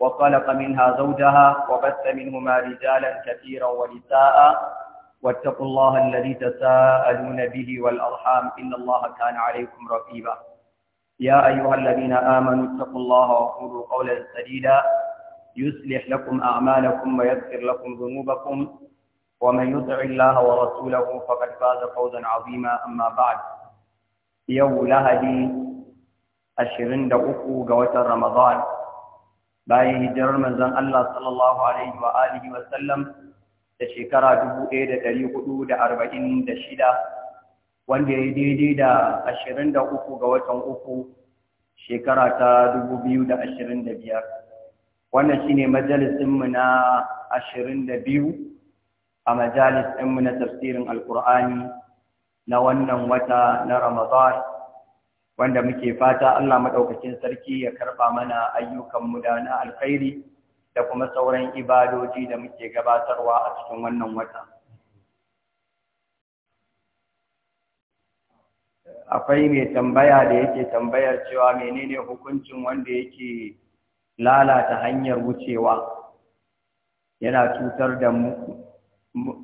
وخلق منها زوجها وبث منهما رجالا كثيرا ونساء واتقوا الله الذي تساءلون به والأرحام إن الله كان عليكم رقيبا يا أيها الذين آمنوا اتقوا الله وقولوا قولا سديدا يصلح لكم أعمالكم ويغفر لكم ذنوبكم ومن يطع الله ورسوله فقد فاز فوزا عظيما أما بعد يوم لهدي 23 ga watan رمضان bayan hijirar manzon Allah sallallahu alaihi wa alihi wa sallam da shekara 1446 wanda ya daidai da 23 ga watan uku shekara ta 2025 wannan shine majalisinmu na 22 a majalisinmu na tafsirin alkur'ani na wannan wata na Ramadan wanda muke fata Allah maɗaukakin sarki ya karɓa mana ayyukanmu da na alkhairi da kuma sauran ibadoji da muke gabatarwa a cikin wannan wata. Akwai mai tambaya da yake tambayar cewa menene hukuncin wanda yake lalata hanyar wucewa yana cutar da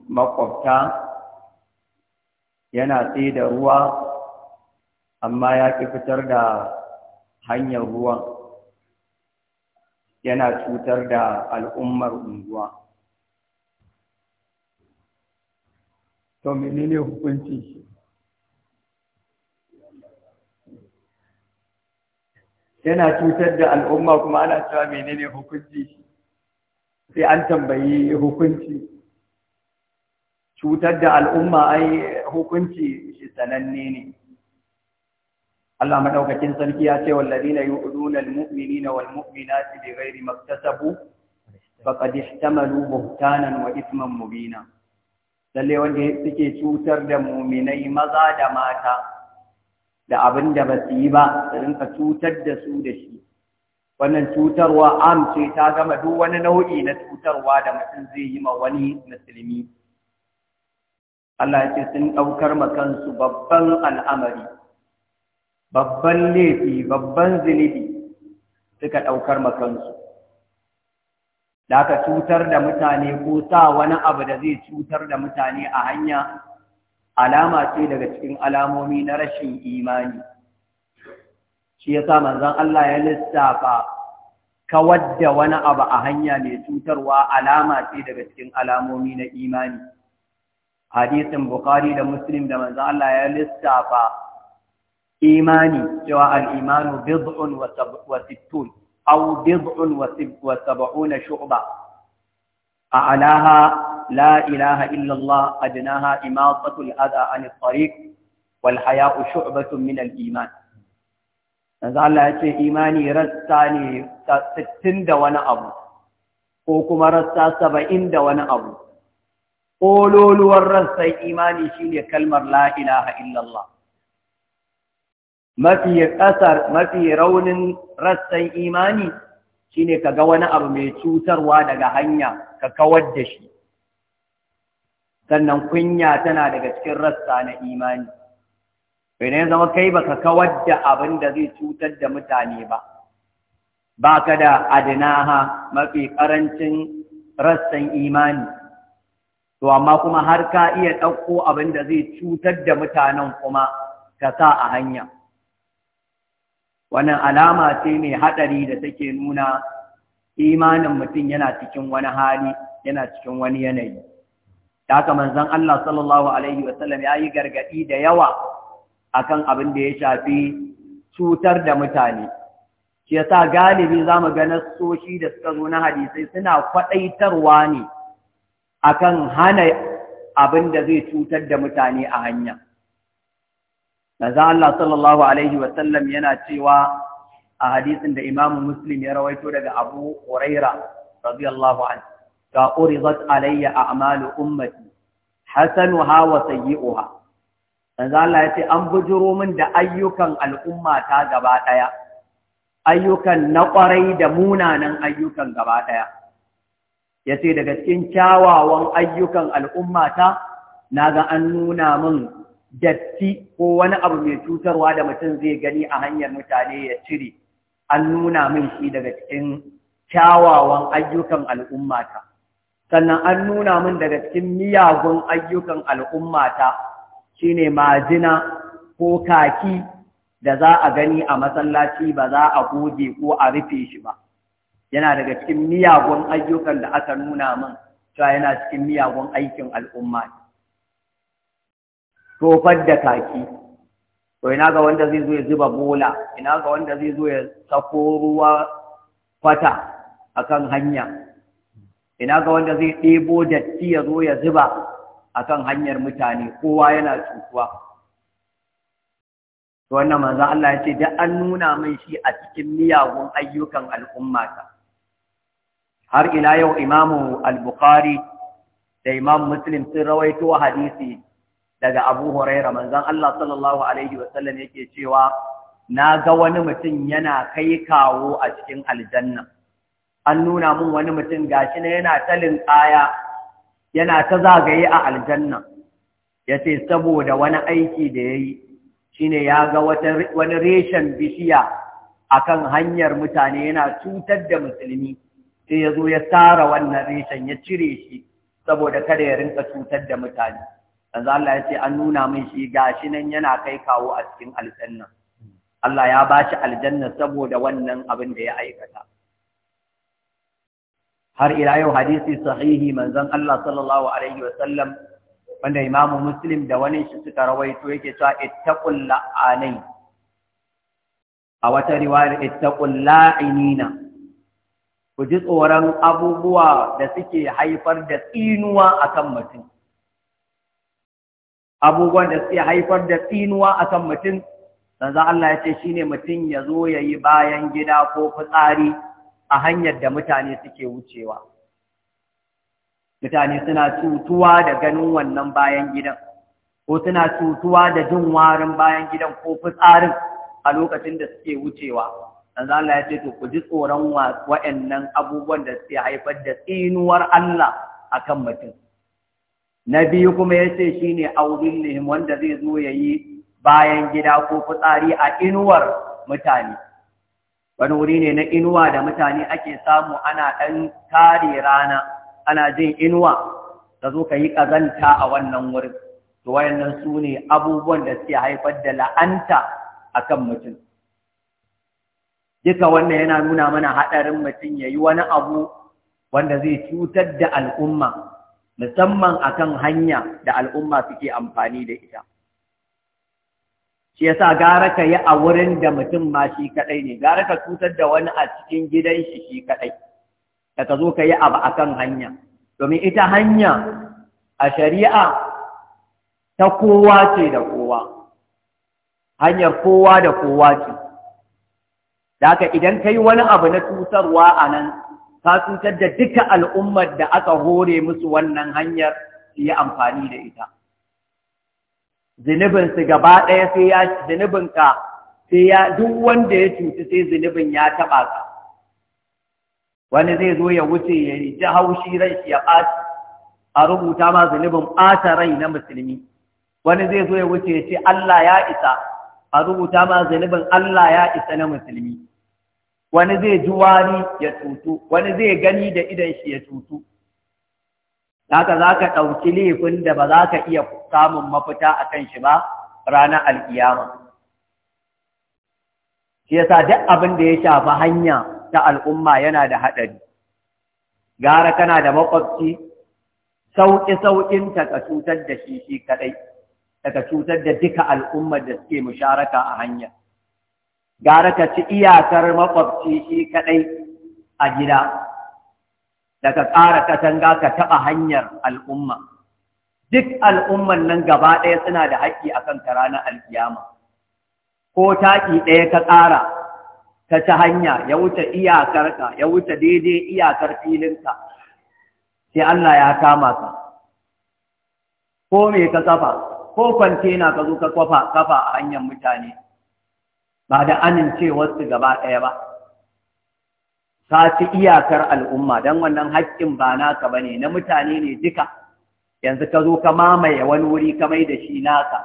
makwabta yana tsaye da ruwa amma ya ƙi fitar da hanyar ruwan yana cutar da al'ummar unguwa. To menene hukunci shi? Yana cutar da al'umma kuma ana cewa menene hukunci shi? Sai an tambayi hukunci. Cutar da al'umma ai hukunci shi sananne ne. Allah maɗaukacin sarki ya ce wallazina yu'duna almu'minina walmu'minati bighairi maktasabu ta ihtamalu buhtanan wa ithman mubina lalle wanda suke cutar da mu'minai maza da mata da abin da ba su yi ba su rinka cutar da su da shi wannan cutarwa am ce ta gama duk wani nau'i na cutarwa da mutum zai yi ma wani musulmi Allah ya ce sun ɗaukar ma kansu babban al'amari babban laifi babban zunubi suka ɗaukar makansu da aka cutar da mutane ko sa wani abu da zai cutar da mutane a hanya alama ce daga cikin alamomi na rashin imani shi ya sa manzan Allah ya lissafa kawar da wani abu a hanya mai cutarwa alama ce daga cikin alamomi na imani hadisin bukhari da muslim da manzan Allah ya lissafa imani cewa al-imanu bid'un wa sittun aw bid'un wa sab'una shu'ba a'laha la ilaha illa Allah adnaha imatatu al-adha 'an at-tariq wal haya'u shu'batun min al-iman yanzu Allah ya ce imani rasta ne sittin da wani abu ko kuma rasta saba'in da wani abu ƙololuwar rassan imani shine kalmar la illallah mafi ƙasar mafi raunin rassan imani shine kaga wani abu mai cutarwa daga hanya ka kawar da shi sannan kunya tana daga cikin rassa na imani bai ne zama kai ba ka kawar da abin da zai cutar da mutane ba ba ka da adinaha mafi ƙarancin rassan imani to amma kuma har ka iya ɗauko abin da zai cutar da mutanen kuma ka sa a hanya wannan alama ce mai haɗari da take nuna imanin mutum yana cikin wani hali yana cikin wani yanayi da haka manzon Allah sallallahu alaihi wasallam ya yi gargaɗi da yawa akan abin da ya shafi cutar da mutane shi yasa galibi zamu ga nasoshi da suka zo na hadisai suna kwadaitarwa ne akan hana abin da zai cutar da mutane a hanya Manzon Allah sallallahu alaihi yana cewa a hadisin da Imam Muslim ya rawaito daga Abu Huraira radiyallahu anhu ga uridat alayya a'malu ummati hasanuha wa sayyi'uha manzo Allah yace an bujuro min da ayyukan al'umma ta gaba daya ayyukan na kwarai da munanan ayyukan gaba daya yace daga cikin kyawawan ayyukan al'umma ta naga an nuna min datti ko wani abu mai cutarwa da mutum zai gani a hanyar mutane ya cire an nuna min shi daga cikin kyawawan ayyukan al'ummata sannan an nuna min daga cikin miyagun ayyukan al'ummata shine majina ko kaki da za a gani a masallaci ba za a goge ko a rufe shi ba yana daga cikin miyagun ayyukan da aka nuna min cewa yana cikin miyagun aikin al'umma tofar da kaki to ina ga wanda zai zo ya zuba bola ina ga wanda zai zo ya sako ruwa kwata kan hanya ina ga wanda zai ɗebo datti ya zo ya zuba a kan hanyar mutane kowa yana cutuwa to wannan manzon Allah ya ce da an nuna min shi a cikin miyagun ayyukan al'ummata har ila yau imamu al-bukhari da imam muslim sun rawaito hadisi daga Abu Huraira manzon Allah sallallahu alaihi wasallam yake cewa na ga wani mutum yana kai kawo a cikin aljanna an nuna mun wani mutum gashi ne yana talin kaya yana ta zagaye a aljanna yace saboda wani aiki da yayi shine ya ga wani reshen bishiya akan hanyar mutane yana cutar da musulmi sai ya zo ya tara wannan reshen ya cire shi saboda kada ya rinka cutar da mutane Yanzu Allah ya ce an nuna min shi gashi nan yana kai kawo a cikin aljanna. Allah ya ba shi aljanna saboda wannan abin da ya aikata. Har ila yau hadisi sahihi manzon Allah sallallahu alaihi wanda Imam Muslim da wani shi suka rawaito yake cewa ittaqul la'anai a wata riwayar ittaqul la'inina ku ji tsoron abubuwa da suke haifar da tsinuwa akan mutum abubuwan da suke haifar da tsinuwa a kan mutum sanzan Allah ya ce shi ne mutum ya zo ya yi bayan gida ko fitsari a hanyar da mutane suke wucewa mutane suna cutuwa da ganin wannan bayan gidan ko suna cutuwa da jin warin bayan gidan ko fitsarin a lokacin da suke wucewa sanzan Allah ya ce to ku ji tsoron waɗannan abubuwan da suke haifar da tsinuwar Allah a kan mutum na biyu kuma ya ce shi ne audillihim wanda zai zo ya yi bayan gida ko fitsari a inuwar mutane wani wuri ne na inuwa da mutane ake samu ana ɗan kare rana ana jin inuwa ka zo ka yi ƙazanta a wannan wurin to wayannan su ne abubuwan da suke haifar da la'anta a kan mutum duka wannan yana nuna mana haɗarin mutum ya yi wani abu wanda zai cutar da al'umma musamman akan hanya da al'umma suke amfani da ita shi yasa gara ka yi a wurin da mutum ma shi kadai ne gara ka cutar da wani a cikin gidan shi shi kaɗai da ka zo ka yi abu akan hanya domin ita hanya a shari'a ta kowa ce da kowa hanyar kowa da kowa ce da haka idan ka yi wani abu na cutarwa a nan ka cutar da duka al'ummar da aka hore musu wannan hanyar su yi amfani da ita su gaba ɗaya sai ya ka sai ya duk wanda ya cuci sai zunubin ya taɓa ka wani zai zo ya wuce ya ji haushi ran shi ya ɓaci a rubuta ma zunubin ɓata rai na musulmi wani zai zo ya wuce ya ce Allah ya isa a rubuta ma zunubin Allah ya isa na musulmi wani zai ji wari ya tutu. wani zai gani da idan shi ya cutu haka za ka ɗauki laifin da ba za ka iya samun mafita a kan shi ba ranar al'iyama. shi yasa duk abin da ya shafi hanya ta al'umma yana da haɗari gara kana da makwabci sauƙi-sauƙin ka cutar da shi shi kaɗai daga cutar da duka al'ummar da suke musharaka a hanyar gara ka ci iyakar makwabci shi kaɗai a gida da ƙara katanga ka taɓa hanyar al'umma duk al'umman nan gaba ɗaya suna da haƙƙi a kan ranar alkiyama ko taƙi ɗaya ka ƙara ta ci hanya ya wuce iyakarka ya wuce daidai iyakar filinka sai Allah ya kama ka ko me ka kafa ko kwantena ka zo ka kafa a hanyar mutane ba da amincewarsu gaba ɗaya ba Ka ci iyakar al'umma don wannan haƙƙin ba naka ba ne na mutane ne duka yanzu ka zo ka mamaye wani wuri ka mai da shi naka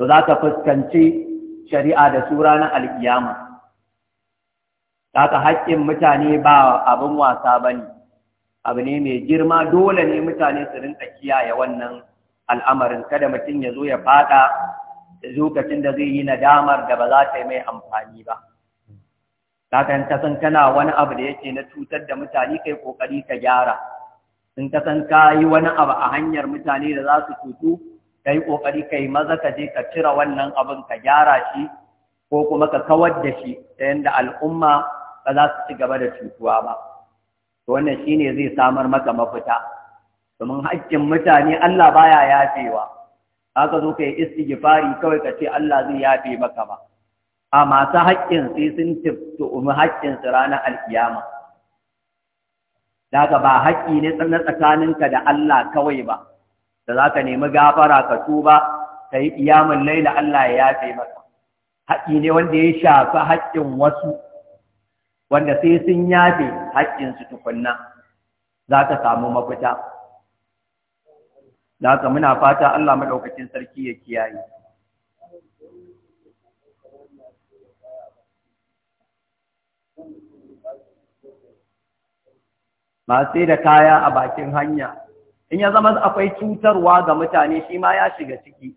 to za ka fuskanci shari'a da sura na al'iyama ka haƙƙin mutane ba abin wasa ba ne abu ne mai girma dole ne mutane su rinka kiyaye wannan al'amarin kada mutum ya zo ya faɗa. lokacin da zai yi nadamar da ba za ta yi mai amfani ba kakan ta san kana wani abu da yake na cutar da mutane kai kokari ka gyara in ka san ka yi wani abu a hanyar mutane da za su cutu ka yi kokari ka yi maza ka je ka cire wannan abin ka gyara shi ko kuma ka kawar da shi ta yadda al'umma ba za su ci gaba da cutuwa ba to wannan ne zai samar maka mafita domin haƙƙin mutane Allah baya yafewa aka zo ka kai gifari kawai ka ce Allah zai yafe maka ba a masu haƙƙin sai sun umu haƙƙin su ranar alkiyama daga ba haƙƙi ne na tsakaninka da Allah kawai ba da za ka nemi gafara ka tuba ka yi ƙiyamun laila Allah ya yafe maka haƙƙi ne wanda ya shafi haƙƙin wasu wanda sai sun yafe haƙƙinsu tukunna za ka samu mafita da haka muna fata Allah maɗaukacin sarki ya kiyaye masu da kaya a bakin hanya in ya zama akwai cutarwa ga mutane shi ma ya shiga ciki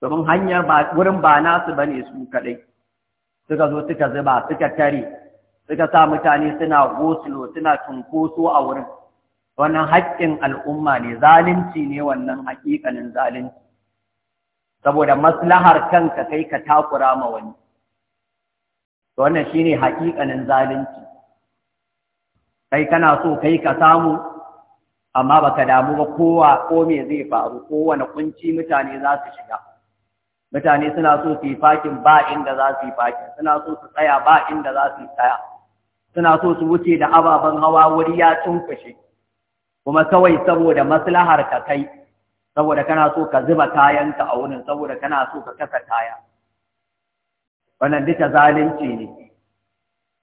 domin hanyar wurin ba nasu ba ne su kaɗai suka zo suka zuba suka tare suka sa mutane suna goslo suna tunkoso a wurin wannan haƙƙin al'umma ne zalunci ne wannan haƙiƙanin zalunci saboda maslahar kanka kai ka takura ma wani wannan shine haƙiƙanin zalunci kai kana so kai ka samu amma baka damu ba kowa ko me zai faru kowane kunci mutane za su shiga mutane suna so su yi fakin ba inda za su yi fakin suna so su tsaya ba inda za su yi tsaya suna so su wuce da ababen hawa wuri ya cunkushe kuma kawai saboda maslahar ka kai saboda kana so ka zuba kayanka a wurin saboda kana so ka kasa kaya wannan duka zalunci ne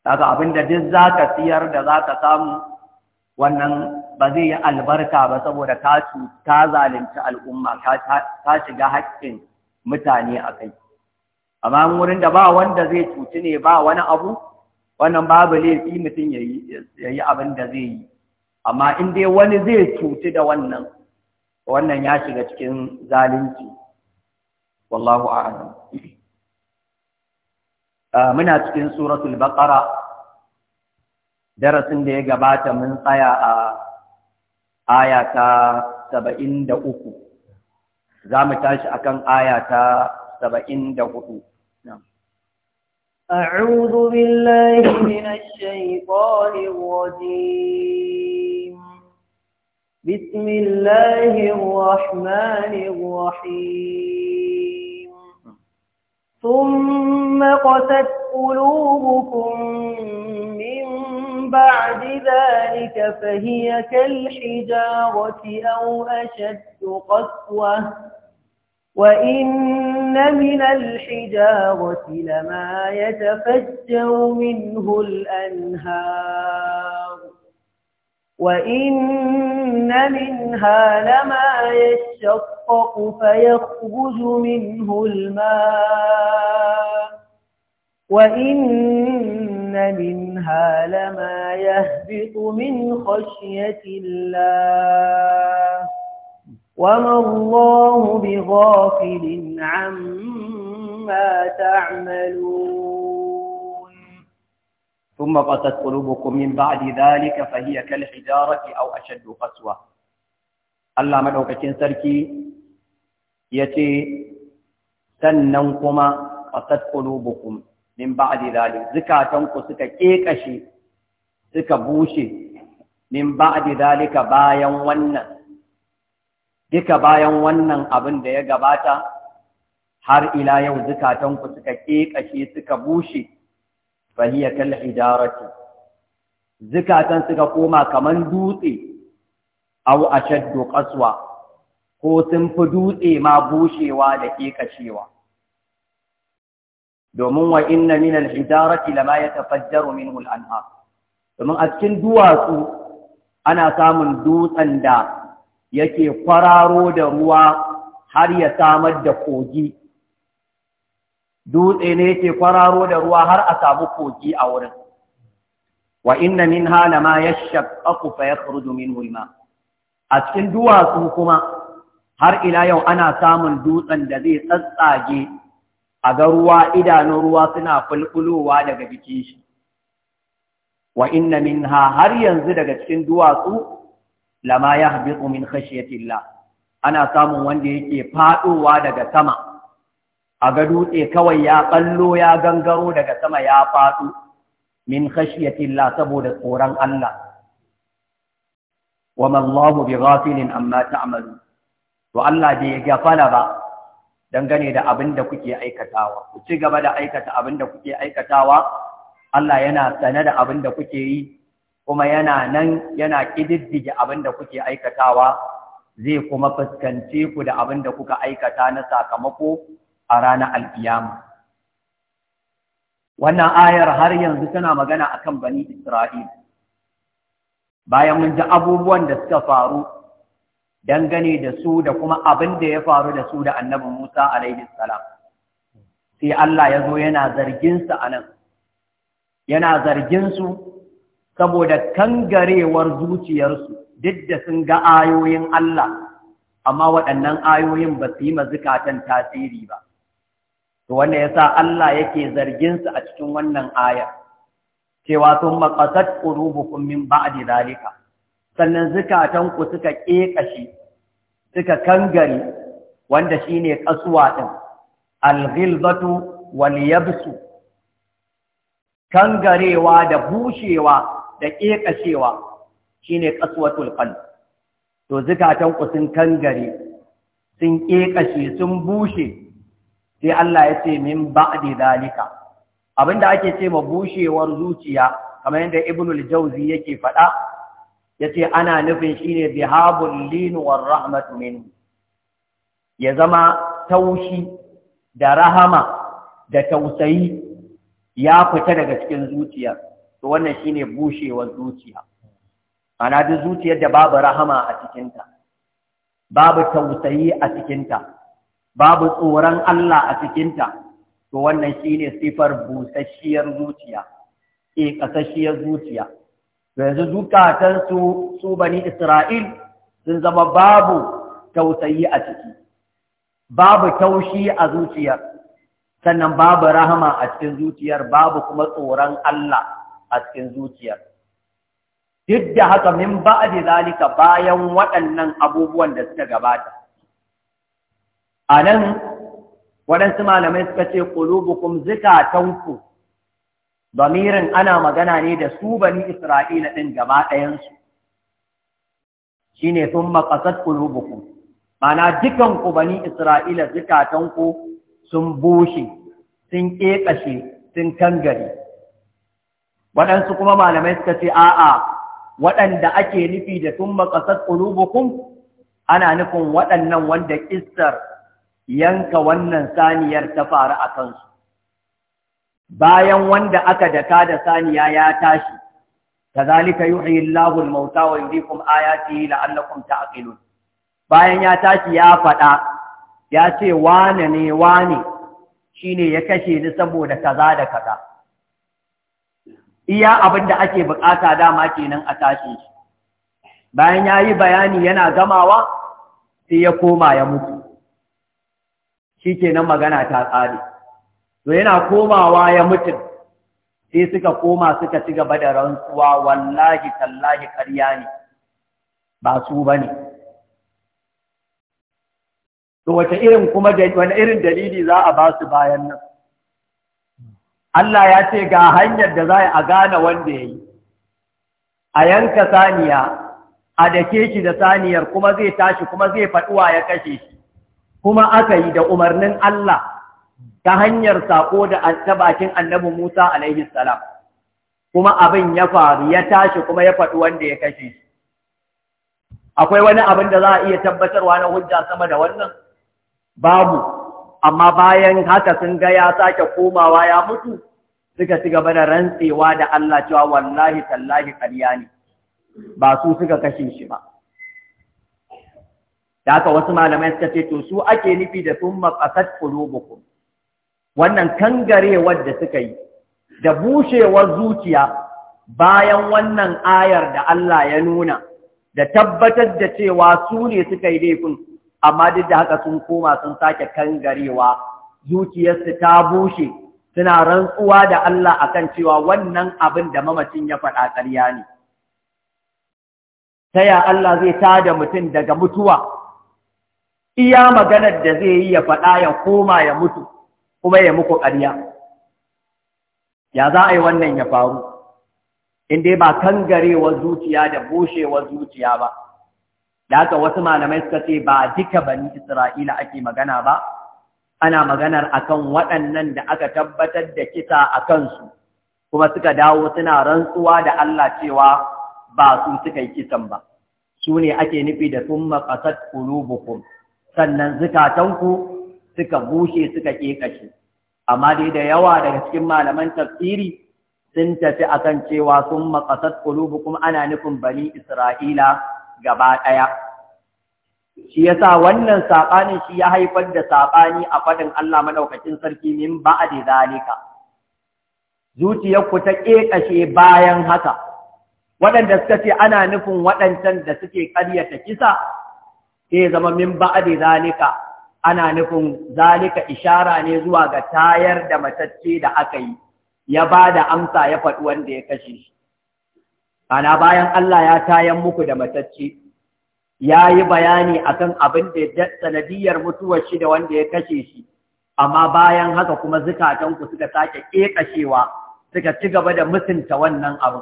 kaga abinda duk zaka siyar da zaka samu wannan ba zai yi albarka ba saboda ka ka zalunci al'umma ka shiga haƙƙin mutane a kai amma wurin da ba wanda zai cuci ne ba wani abu wannan babu laifi mutum ya yi abin da zai yi amma in dai wani zai cuti da wannan wannan ya shiga cikin zalunci wallahu a'lam ah, muna cikin suratul baqara darasin da ya gabata mun tsaya a aya ta 73 zamu tashi akan aya ta 74 أعوذ بالله من الشيطان الرجيم بسم الله الرحمن الرحيم ثم قست قلوبكم من بعد ذلك فهي كالحجارة أو أشد قسوة وإن من الحجارة لما يتفجر منه الأنهار وإن منها لما يشقق فيخرج منه الماء وإن منها لما يهبط من خشية الله وما الله بغافل عما تعملون ثم قست قلوبكم من بعد ذلك فهي كالحجارة أو أشد قسوة الله مدعوكتين سركي يتي سننكما قست قلوبكم min ba'di zalim zikatan ku suka kekashe suka bushe min ba'di zalika bayan wannan duka bayan wannan abin da ya gabata har ila yau zukatanku suka ƙeƙashe suka bushe fahiya kal hijarati zikatan suka koma kaman dutse au ashaddu qaswa ko sun fi dutse ma bushewa da kekacewa domin wa inna min al hijarati lama yatafajjaru minhu al anhar domin a cikin duwatsu ana samun dutsen da yake kwararo da ruwa har ya samar da kogi dutse ne yake kwararo da ruwa har a samu kogi a wurin wa inna minha ya yashaqqaqu fa yakhruju minhu al a cikin duwatsu kuma har ila yau ana samun dutsen da zai tsatsage a ga ruwa idanun ruwa suna fulfulowa daga jikin shi wa inna minha har yanzu daga cikin duwatsu lama yahbitu min khashyatillah ana samun wanda yake faɗowa daga sama a ga dutse kawai ya kallo, ya gangaro daga sama ya faɗo min khashiyatillah saboda tsoron Allah wa man Allahu ghafilin amma ta'malu to Allah bai gafala ba dangane da abin da kuke aikatawa ku ci gaba da aikata abin da kuke aikatawa Allah yana sane da abin da kuke yi kuma yana nan yana kididdige abin da kuke aikatawa zai kuma fuskance ku da abin da kuka aikata na sakamako a ranar al'iyama. Wannan ayar har yanzu tana magana a kan bani Isra'il. Bayan mun ji abubuwan da suka faru dangane da su da kuma abin da ya faru da su da annabi Musa alaihi salam. Sai Allah ya zo yana zarginsu a nan, yana zarginsu saboda kangarewar zuciyarsu duk da sun ga ayoyin Allah, amma waɗannan ayoyin ba su yi mazukatan tasiri ba. to wanda yasa Allah yake zargin su a cikin wannan aya cewa sun maqasat qulubukum min ba'di zalika sannan zukatanku suka kekashi suka kangare wanda shine kasuwa din al-ghilbatu wal yabsu kangarewa da bushewa da ƙeƙashewa shine qaswatul qalb to zukatanku sun kangare sun ƙeƙashe sun bushe sai Allah ya ce min ba'di zalika abinda ake ce ma bushewar zuciya kamar yadda ibnul jauzi yake faɗa yace ana nufin shine bihabul lin war rahmatu min ya zama taushi da rahama da tausayi ya fita daga cikin zuciya to wannan shine bushewar zuciya ana da zuciyar da babu rahama a cikinta babu tausayi a cikinta babu tsoron Allah a cikinta to wannan shine sifar busasshiyar zuciya eh kasasshiyar zuciya yanzu zukatansu su bani Isra'il sun zama babu tausayi a ciki babu taushi a zuciyar sannan babu rahama a cikin zuciyar babu kuma tsoron Allah a cikin zuciyar duk da haka min ba zalika bayan waɗannan abubuwan da suka gabata a nan waɗansu malamai suka ce ƙulubukum zikatanku bamirin ana magana ne da su bani isra'ila ɗin gaba ɗayansu shi ne sun makasar ƙulubukum mana dukanku bani isra'ila zikatanku sun bushe sun ƙeƙashe sun kangare waɗansu kuma malamai suka ce a'a waɗanda ake nufi da sun maƙasar ƙulubukum ana nufin waɗannan wanda ƙistar yanka wannan saniyar ta faru a kansu bayan wanda aka daka da saniya ya tashi kazalika yuhyi Allahu al-mauta wa yuriikum ayatihi la'allakum ta'qilun bayan ya tashi ya faɗa ya ce wane ne wane shine ya kashe ni saboda kaza da kaza iya abin da ake bukata dama kenan a tashi bayan yayi bayani yana gamawa sai ya koma ya mutu shikenan magana ta tsare to yana komawa ya mutu sai suka koma suka ci gaba da rantsuwa wallahi tallahi ƙarya ne ba su bane to wata irin kuma wani irin dalili za a ba su bayan nan Allah ya ce ga hanyar da za a gane wanda ya yi a yanka saniya a dake shi da saniyar kuma zai tashi kuma zai faɗuwa ya kashe shi kuma aka yi da umarnin Allah ta hanyar sako da ta bakin annabi Musa alaihi salam kuma abin ya faru ya tashi kuma ya faɗi wanda ya kashe shi akwai wani abin da za a iya tabbatarwa na hujja sama da wannan babu amma bayan haka sun ga ya sake komawa ya mutu suka ci gaba da rantsewa da Allah cewa wallahi tallahi ƙarya ne ba su suka kashe shi ba da haka wasu malamai suka ce to su ake nufi da sun maƙasar qulubukum wannan kangarewar da suka yi da bushewar zuciya bayan wannan ayar da Allah ya nuna da tabbatar da cewa su ne suka yi laifin amma duk da haka sun koma sun sake kangarewa zuciyarsu ta bushe suna rantsuwa da Allah akan cewa wannan abin da mamacin ya faɗa ƙarya ne ta ya Allah zai tada mutum daga mutuwa iya maganar da zai yi ya faɗa ya koma ya mutu kuma ya muku ƙarya ya za a yi wannan ya faru in dai ba kangarewar zuciya da bushewar zuciya ba da haka wasu malamai suka ce ba duka bani isra'ila ake magana ba ana maganar akan waɗannan da aka tabbatar da kisa a kansu kuma suka dawo suna rantsuwa da Allah cewa ba su suka yi kisan ba su ne ake nufi da sun maƙasar ƙulubukum sannan zukatanku suka bushe suka ƙeƙashe amma dai da yawa daga cikin malaman tafsiri sun tafi akan cewa sun maƙasar kuma ana nufin bani isra'ila gaba ɗaya shi yasa wannan saɓanin shi ya haifar da saɓani a faɗin Allah maɗaukacin sarki min ba'di zalika zuciyarku ta ƙeƙashe bayan haka waɗanda suka ce ana nufin waɗancan da suke ƙaryata kisa sai zama min ba'adi zalika ana nufin zalika ishara ne zuwa ga tayar da matacce da aka yi ya ba da amsa ya faɗi wanda ya kashe shi ana bayan Allah ya tayan muku da matacce ya yi bayani kan abin da ya sanadiyar mutuwar shi da wanda ya kashe shi amma bayan haka kuma zukatanku suka sake ƙeƙashewa suka ci gaba da mutunta wannan abu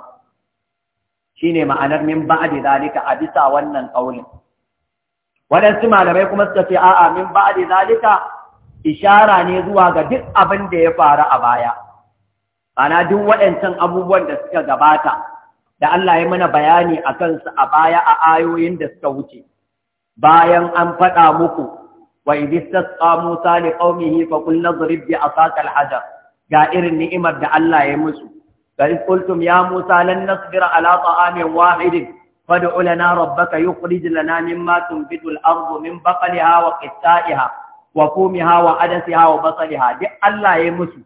shine ma'anar min ba'di zalika a bisa wannan ƙaunin. waɗansu malamai kuma suka ce a'a min da zalika ishara ne zuwa ga duk abin da ya faru a baya ana duk waɗancan abubuwan da suka gabata da Allah ya mana bayani a kansu a baya a ayoyin da suka wuce bayan an faɗa muku wa idh istasqa Musa li qaumihi fa qul nadrib bi asaka al-hajar ga irin ni'imar da Allah ya yi musu fa qultum ya Musa lan nasbira ala ta'amin wahidin فادع لنا ربك يخرج لنا مما تنبت الأرض من بقلها وقتائها وفومها وعدسها وبصلها دي الله يمسو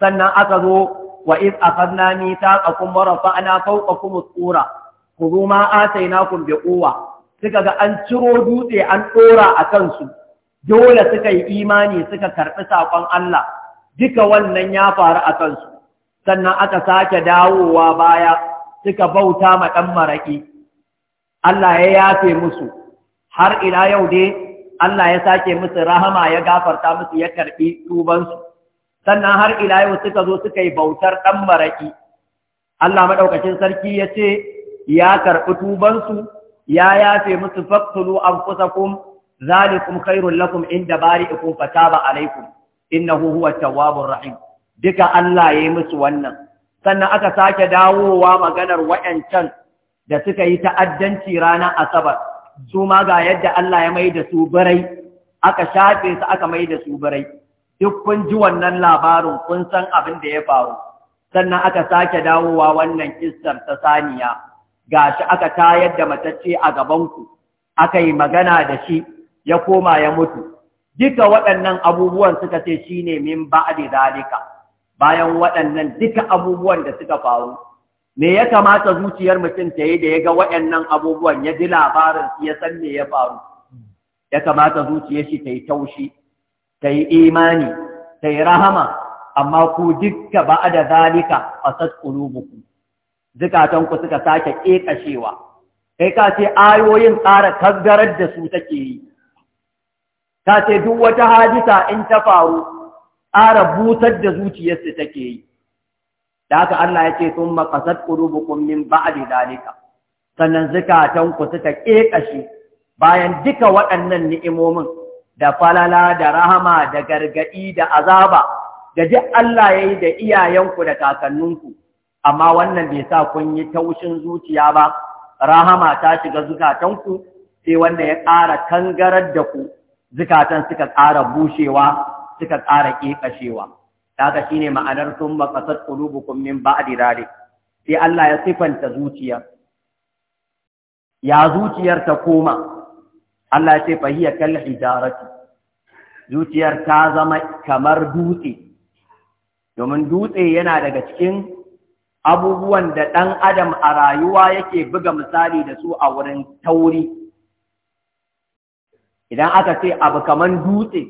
سنة أخذوا وإذ أخذنا ميثاقكم ورفعنا فوقكم الطورة خذوا ما آتيناكم بقوة suka ga an ciro dutse an ɗora a kansu dole suka yi imani suka karɓi saƙon Allah duka wannan ya faru a kansu sannan aka sake dawowa baya suka bauta ma ɗan maraƙi Allah ya yafe musu har ila yau dai Allah ya sake musu rahama ya gafarta musu ya karɓi tubansu sannan har ila yau suka zo suka yi bautar ɗan maraki Allah maɗaukacin sarki ya ce ya karɓi tubansu ya yafe musu faktulu an kusa kum zalikum khairun lakum inda bari'ikum fataba alaikum innahu huwa tawwabur rahim duka Allah ya yi musu wannan sannan aka sake dawowa maganar wayancan da suka yi ta'addanci ranar Asabar, su ma ga yadda Allah ya mai da su birai, aka shafe su aka mai da su birai, duk kun ji wannan labarin kun san abin da ya faru, sannan aka sake dawowa wannan kistar ta saniya, ga shi aka tayar da matacce a gabanku, aka yi magana da shi ya koma ya mutu. Duka waɗannan abubuwan suka ce shine ne min ba'di zalika, bayan waɗannan duka abubuwan da suka faru. me ya kamata zuciyar mutum ta yi da ya ga waɗannan abubuwan ya ji labarin ya san me ya faru ya kamata zuciyar shi ta yi taushi ta yi imani ta yi rahama amma ku dukka ba da zalika a sasƙulubuku zukatanku suka sake ƙeƙashewa kai ka ce ayoyin tsara kangarar da su take yi ka ce duk wata hadisa in ta faru tsara busar da zuciyar su take yi da haka Allah ya ce sun makasar ƙurubukun min ba'adi dalika sannan zukatanku suka ƙeƙashi bayan duka waɗannan ni'imomin da falala da rahama da gargaɗi da azaba da duk Allah ya yi da iyayenku da kakanninku amma wannan bai sa kun yi taushin zuciya ba rahama ta shiga zukatanku sai wanda ya ƙara kangarar da ku zukatan suka ƙara bushewa suka ƙara ƙeƙashewa kaga shine ma'anar sun makasar qulubukum min a dirare, sai Allah ya sifanta zuciya ya zuciyar ta koma Allah ya ce fahiya kal hijarati zuciyar ta zama kamar dutse domin dutse yana daga cikin abubuwan da ɗan adam a rayuwa yake buga misali da su a wurin tauri idan aka ce abu kamar dutse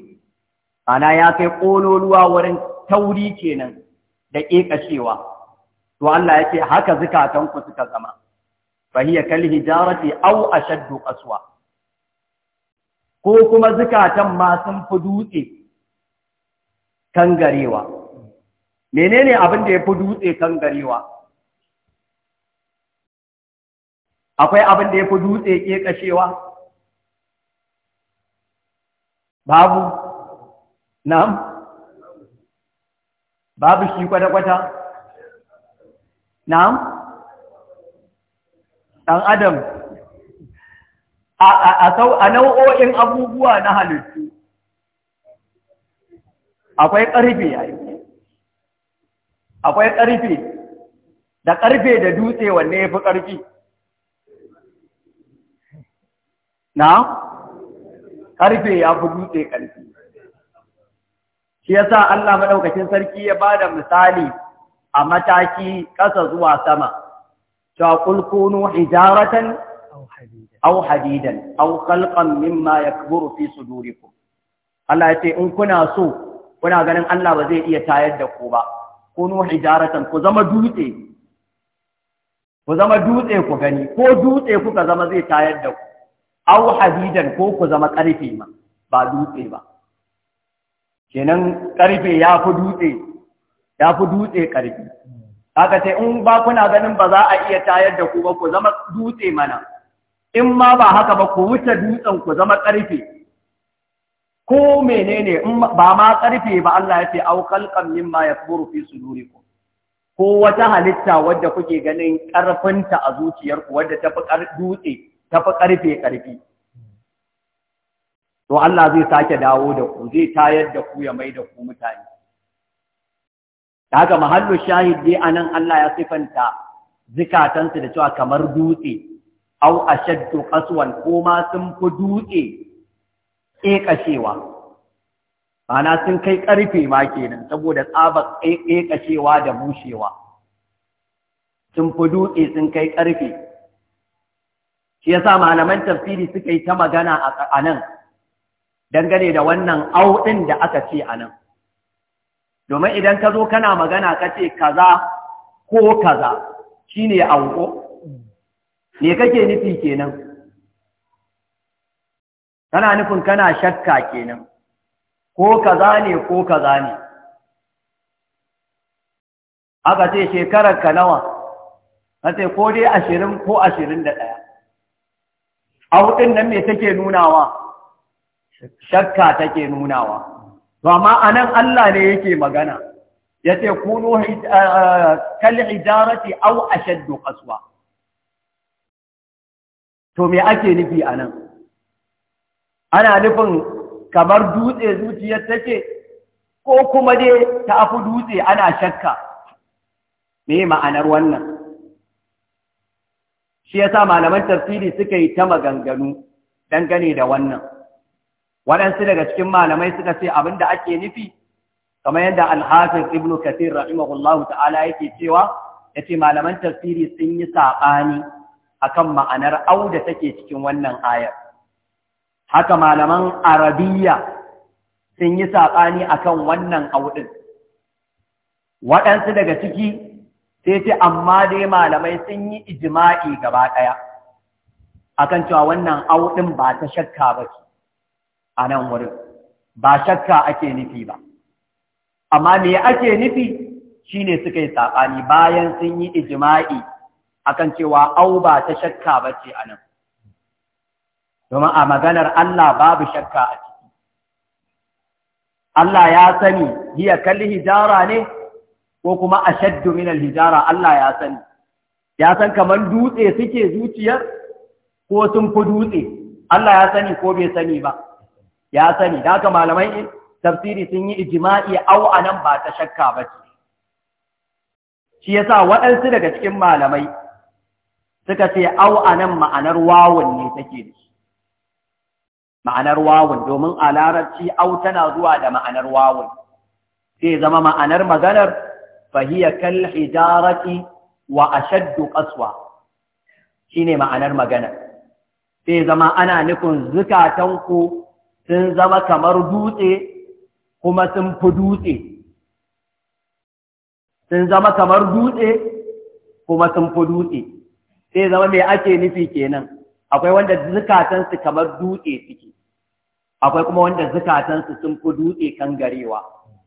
ana ya kai ƙololuwa wurin tauri kenan da ƙeƙashewa to Allah yake haka zukatanku suka zama fahiya kal hijarati aw ashaddu qaswa ko kuma zukatan ma sun fi dutse kangarewa menene abin da ya fi dutse kangarewa akwai abin da ya fi dutse ke babu na'am babu shi kwata-kwata na'am ɗan adam a nau'o'in abubuwa na halittu akwai ƙarfe akwai ƙarfe da ƙarfe da dutse wanne ya fi ƙarfi na ƙarfe ya fi dutse ƙarfi shi yasa Allah madaukakin sarki ya bada misali a mataki ƙasa zuwa sama ta kulkunu hijaratan aw hadidan aw khalqan mimma yakburu fi sudurikum Allah ya ce in kuna so kuna ganin Allah ba zai iya tayar da ku ba kunu hijaratan ku zama dutse ku zama dutse ku gani ko dutse kuka zama zai tayar da ku aw hadidan ko ku zama karfe ma ba dutse ba kenan karfe ya fi dutse ya fi dutse karfi haka sai in ba kuna ganin ba za a iya tayar da ku ba ku zama dutse mana in ma ba haka ba ku wuce dutsen ku zama karfe ko menene ba ma karfe ba Allah ya ce au khalqan mimma yakburu fi sudurikum ko wata halitta wadda kuke ganin karfinta a zuciyarku wadda fi dutse tafi karfe karfi to Allah zai sake dawo da ku zai tayar da ku ya mai da ku mutane daga mahallu shahid dai anan Allah ya sifanta zikatansu da cewa kamar dutse au ashaddu qaswan ko ma sun fi dutse ke kashewa. ana sun kai karfe ma kenan saboda tsabar kashewa da bushewa sun fi dutse sun kai karfe. shi yasa malaman tafsiri suka yi ta magana a nan dangane da wannan au da aka ce a nan. Domin idan ka zo kana magana ka ce kaza ko kaza shi ne auko, ne kake nufi kenan? Kana nufin kana shakka kenan, ko kaza ne ko kaza ne. Aka ce shekarar ka nawa, ka ce ko dai ashirin ko ashirin da ɗaya. Au nan me take nunawa? shakka take nunawa to amma anan Allah ne yake magana yace kunu kal au aw ashadd qaswa to me ake nufi anan ana nufin kamar dutse zuciyar take ko kuma dai ta afi dutse ana shakka me ma'anar wannan shi yasa malaman tafsiri suka yi ta maganganu dangane da wannan waɗansu daga cikin malamai suka ce abin da ake nufi kamar yadda alhafiz Ibn kathir rahimahullah ta'ala yake cewa ya ce malaman tafsiri sun yi saɓani akan ma'anar au da take cikin wannan ayar haka malaman arabiya sun yi saɓani akan wannan au ɗin waɗansu daga ciki sai ce amma dai malamai sun yi ijima'i gaba ɗaya akan cewa wannan au ɗin ba ta shakka ba ce a nan wurin ba shakka ake nufi ba amma me ake nufi shine suka yi saɓani bayan sun yi ijima'i akan cewa au ba ta shakka ba ce a nan domin a maganar Allah babu shakka a ciki Allah ya sani hiya kalli hijara ne ko kuma ashaddu min hijara Allah ya sani ya san kamar dutse suke zuciyar ko sun fi dutse Allah ya sani ko bai sani ba ya sani da haka malamai tafsiri sun yi ijma'i au anan ba ta shakka ba ce shi yasa waɗansu daga cikin malamai suka ce au anan ma'anar wawun ne take da shi ma'anar wawun domin a larabci au tana zuwa da ma'anar wawun sai zama ma'anar maganar fahiya kal hijarati wa ashaddu qaswa shine ma'anar magana sai zama ana nufin zukatanku sun zama kamar dutse kuma sun fi dutse sun zama kamar dutse kuma sun fi dutse sai zama mai ake nufi kenan akwai wanda zukatansu kamar dutse suke akwai kuma wanda zukatansu sun fi dutse kan garewa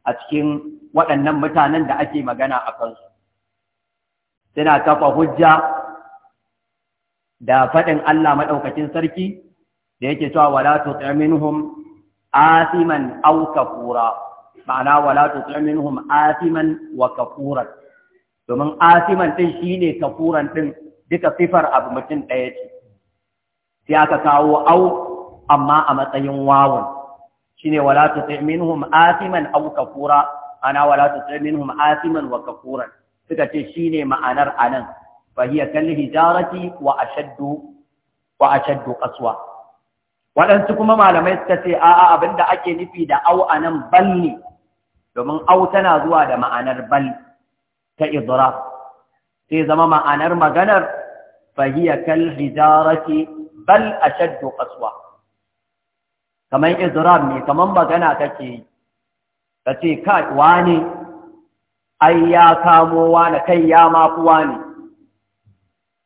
a cikin waɗannan mutanen da ake magana a kansu suna kafa hujja da faɗin Allah maɗaukacin sarki da yake cewa wala tuti minhum asiman aw kafura ma'ana wala tuti minhum asiman wa kafuran domin asiman din shine kafuran din duka sifar abu mutum ɗaya ce sai aka kawo au amma a matsayin wawun shine wala tuti minhum asiman aw kafura ana wala tuti minhum asiman wa kafuran suka ce shine ma'anar anan fa hiya kal hijarati wa ashaddu wa ashaddu qaswa waɗansu kuma malamai suka ce a'a abin da ake nufi da au a nan bal ne domin au tana zuwa da ma'anar bal ta idra sai zama ma'anar maganar fahiya kal hijarati bal ashaddu qaswa kamar idram ne kamar magana kake ce ka wani ai ya kamo wani kai ya mafi wani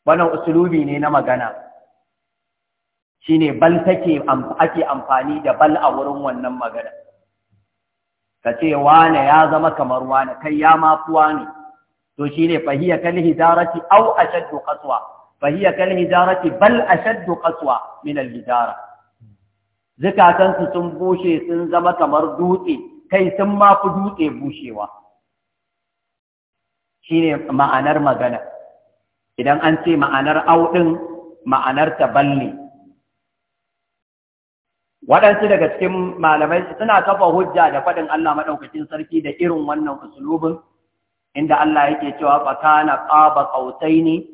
wannan usulubi ne na magana Shi ne bal take ake amfani da bal a wurin wannan magana ka ce wane ya zama kamar wane kai ya mafuwa ne to shi shine fahiya kan hijarati a shaddu qaswa fahiya kal hijarati bal a qaswa min al hijara zakatansu sun bushe sun zama kamar dutse kai sun ma fi dutse bushewa Shi ne ma'anar magana idan an ce ma'anar au din ma'anar ta balle waɗansu daga cikin malamai suna kafa hujja da faɗin Allah maɗaukacin sarki da irin wannan usulubin inda Allah yake cewa fakana qaba qautaini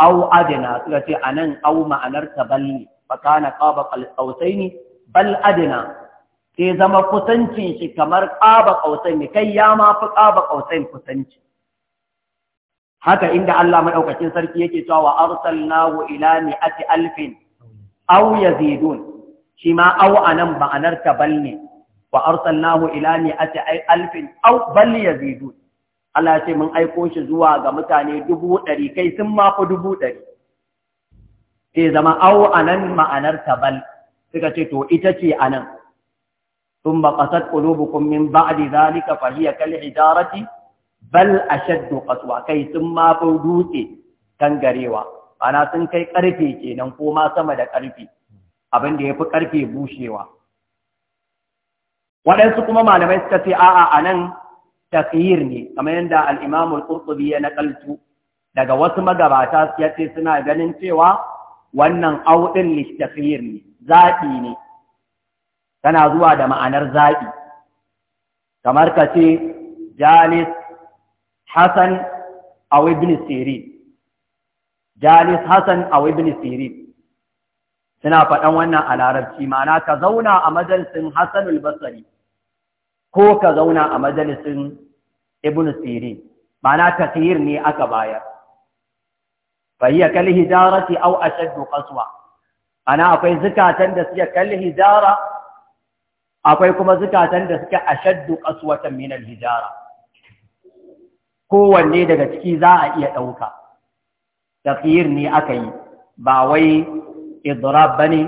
aw adna suka ce anan aw ma'anar taballi fakana qaba qautaini bal adna sai zama kusancin shi kamar qaba qautaini kai ya ma fi qaba qautain kusanci haka inda Allah maɗaukacin sarki yake cewa wa arsalnahu ila mi'ati alfin aw yazidun shi ma au a nan ma'anar ta balne wa arsalnahu ila ce ai alfin au balli yazidu Allah ce mun aiko shi zuwa ga mutane dubu ɗari kai sun ma fi dubu ɗari ke zama au a nan ma'anar ta bal suka ce to ita ce a nan sun ba kasar kulubukun min ba'adi zalika ya kalli hijarati bal ashaddu qaswa kai sun ma fi dutse kan garewa ana sun kai ƙarfe kenan ko ma sama da ƙarfe. abin da ya fi ƙarfe bushewa waɗansu kuma malamai suka ce a'a a nan tafiyir ne kamar yadda al'imamul ƙurƙubi ya naƙaltu daga wasu magabata ya ce suna ganin cewa wannan auɗin tafiyar ne zaɓi ne tana zuwa da ma'anar zaɓi kamar ka ce jalis hassan a ibn sirin jalis hassan a sirin suna faɗan wannan a larabci mana ka zauna a majalisin Hassanul ko ka zauna a majalisin Ibn siri mana takhir ne aka bayar fa hiya kal au a shaddu kasuwa. ana akwai zukatan da suke kal hijara akwai kuma zukatan da suke ashaddu qaswatan min al hijara kowanne daga ciki za a iya ɗauka takhir ne aka yi ba wai idrab bane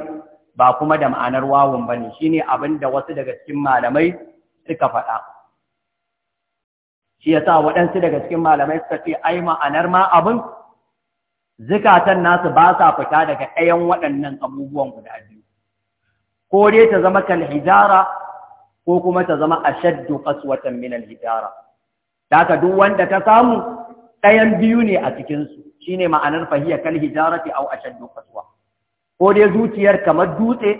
ba kuma da ma'anar wawun bane shine abin da wasu daga cikin malamai suka faɗa shi yasa waɗansu daga cikin malamai suka ce ai ma'anar ma abin zikatan nasu ba sa fita daga ɗayan waɗannan abubuwan guda biyu ko dai ta zama kal hijara ko kuma ta zama ashaddu qaswatan min al hijara daga duk wanda ka samu ɗayan biyu ne a cikin su shine ma'anar fahiya kal hijarati aw ashaddu qaswa ko dai zuciyar kamar dutse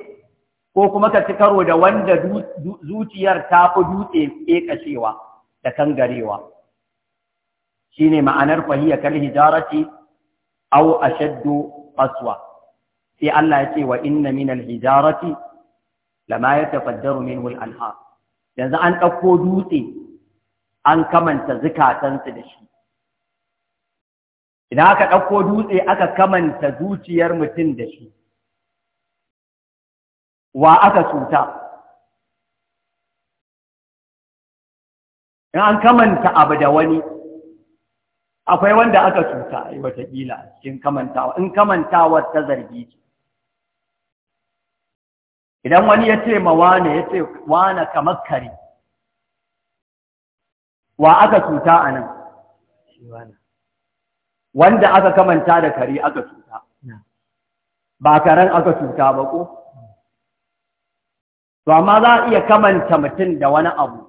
ko kuma ka ci karo da wanda zuciyar ta fi dutse kashewa da kangarewa shine ma'anar fahiya kal hijarati aw ashaddu qaswa sai Allah ya ce wa inna min al hijarati lama yatafaddaru minhu al anhar yanzu an ɗauko dutse an kamanta zukatansu da shi idan aka ɗauko dutse aka kamanta zuciyar mutum da shi wa aka cuta in an kamanta abu da wani akwai wanda aka cuta a yi watakila cikin kamantawa in kamantawa ta zargi ce idan wani ya ce ma wane ya ce wane kamar kare wa aka cuta a nan wanda aka kamanta da kare aka cuta ba karen aka cuta ba ko to amma za a iya kamanta mutum da wani abu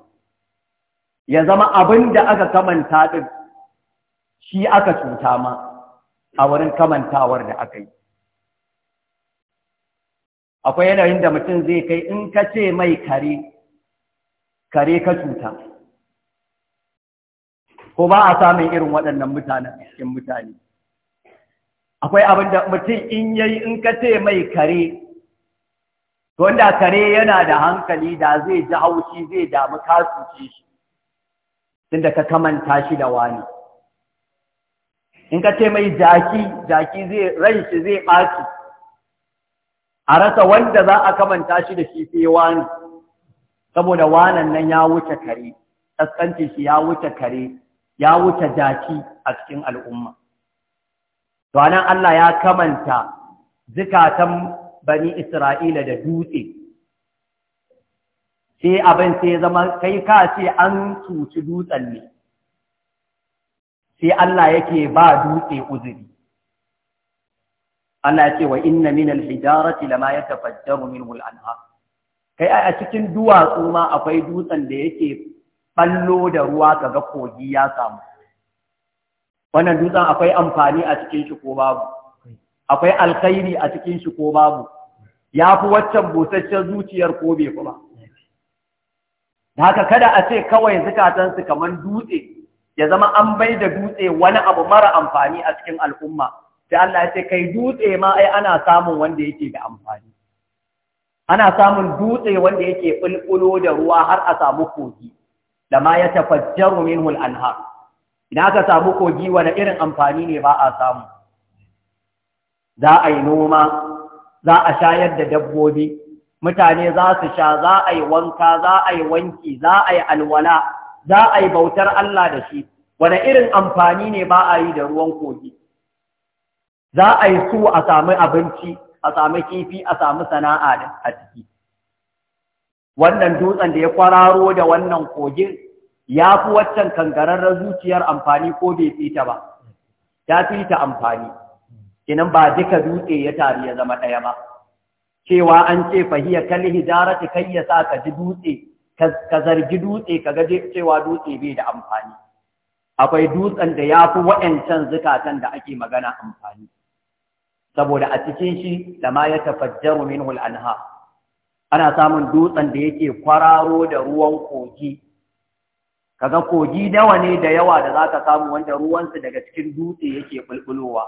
ya zama abin da aka kamanta ɗin shi aka cuta ma a wurin kamantawar da aka yi akwai yanayin da mutum zai kai in ka ce mai kare kare ka cuta ko ba a samun irin waɗannan mutanen cikin mutane akwai abin da mutum in yayi in ka ce mai kare to wanda kare yana da hankali da zai ji haushi zai damu kasuci shi tunda ka kamanta shi da wani in ka ce mai jaki jaki zai ran zai a rasa wanda za a kamanta shi da shi sai wani saboda wanan nan ya wuce kare kaskanci shi ya wuce kare ya wuce jaki a cikin al'umma to anan Allah ya kamanta zikatan bani Isra'ila da dutse. Sai abin sai zama kai ka ce an cuci dutsen ne, sai Allah yake ba dutse uzuri. Allah ya ce wa inna min al-hijarati lama yatafajjaru minhu al Kai a cikin duwatsu ma akwai dutsen da yake ballo da ruwa kaga kogi ya samu. Wannan dutsen akwai amfani a cikin shi ko babu. akwai alkhairi a cikin shi ko babu ya fi waccan busasshen zuciyar ko bai fi ba da haka kada a ce kawai zukatansu kamar dutse ya zama an bai da dutse wani abu mara amfani a cikin al'umma da Allah ya ce kai dutse ma ai ana samun wanda yake da amfani ana samun dutse wanda yake bulbulo da ruwa har a samu kogi da ma ya tafajjaru jarumin al-anhar Ina aka samu kogi wani irin amfani ne ba a samu za a yi noma za a shayar da dabbobi mutane za su sha za a yi wanka za a yi wanki za a yi alwala za a yi bautar Allah da shi wani irin amfani ne ba a yi da ruwan kogi za a yi su a sami abinci a sami kifi a sami sana'a a ciki wannan dutsen da ya kwararo da wannan kogin ya fi waccan kangararren zuciyar amfani ko bai fita ba ta fita amfani kinan ba duka dutse ya tari ya zama ɗaya ba cewa an ce fahiya kal hijarati kai ya sa ka ji dutse ka zargi dutse ka ga cewa dutse bai da amfani akwai dutsen da ya fi wa'ancan zukatan da ake magana amfani saboda a cikin shi da ma ya tafajjaru minhu al ana samun dutsen da yake kwararo da ruwan kogi kaga kogi dawa ne da yawa da za ka samu wanda ruwansu daga cikin dutse yake bulbulowa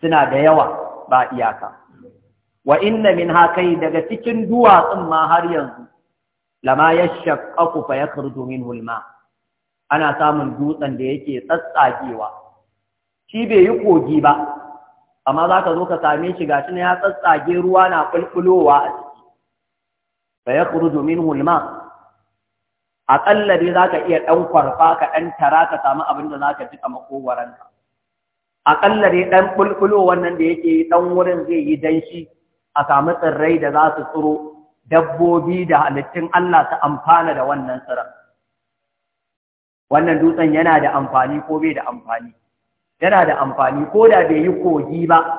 suna da yawa ba iyaka wa inna min kai daga cikin duwatsun ma har yanzu lama yashaqqaqu fa yakhruju minhu hulma. ana samun dutsen da yake tsatsagewa shi bai yi kogi ba amma za ka zo ka same shi gashi ne ya tsatsage ruwa na kulkulowa a ciki fa yakhruju minhu alma aƙalla dai za ka iya ɗan kwarfa ka ɗan tara ka samu abin da za ka ji a makogwaranka aƙalla dai ɗan ɓulɓulo wannan da yake ɗan wurin zai yi danshi a samu tsirrai da za su tsiro dabbobi da halittun Allah ta amfana da wannan tsirar. Wannan dutsen yana da amfani ko bai da amfani, yana da amfani ko da bai yi kogi ba,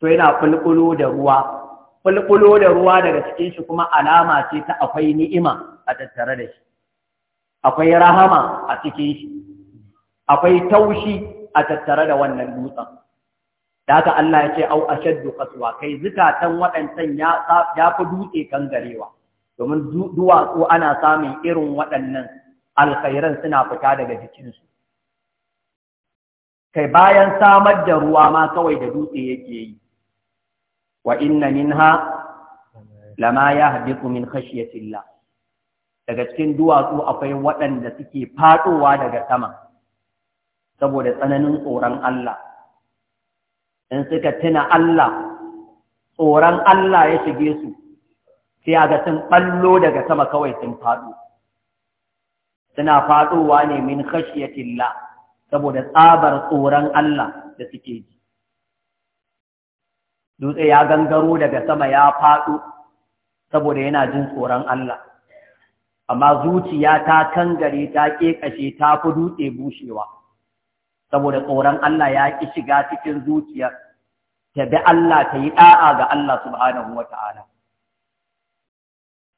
to yana ɓulɓulo da ruwa. Ɓulɓulo da ruwa daga cikin shi kuma alama ce ta akwai ni'ima a tattare da shi, akwai rahama a cikin shi, akwai taushi a tattare da wannan dutsen da haka Allah ya ce au a shaddu qaswa kai zukatan waɗancan ya fi dutse kan garewa domin duwatsu ana samun irin waɗannan alkhairan suna fita daga jikinsu kai bayan samar da ruwa ma kawai da dutse yake yi wa inna minha lama yahbitu min khashyatillah daga cikin duwatsu akwai waɗanda suke faɗowa daga saman saboda tsananin tsoron Allah in suka tuna Allah tsoron Allah ya shige su sai ga sun ɓallo daga sama kawai sun faɗo suna faɗowa ne min tilla saboda tsabar tsoron Allah da suke ji dutse ya gangaro daga sama ya faɗo saboda yana jin tsoron Allah amma zuciya ta kangare ta ƙeƙashe ta fi dutse bushewa saboda tsoron Allah ya ki shiga cikin zuciya ta bi Allah ta yi da'a ga Allah subhanahu wa ta'ala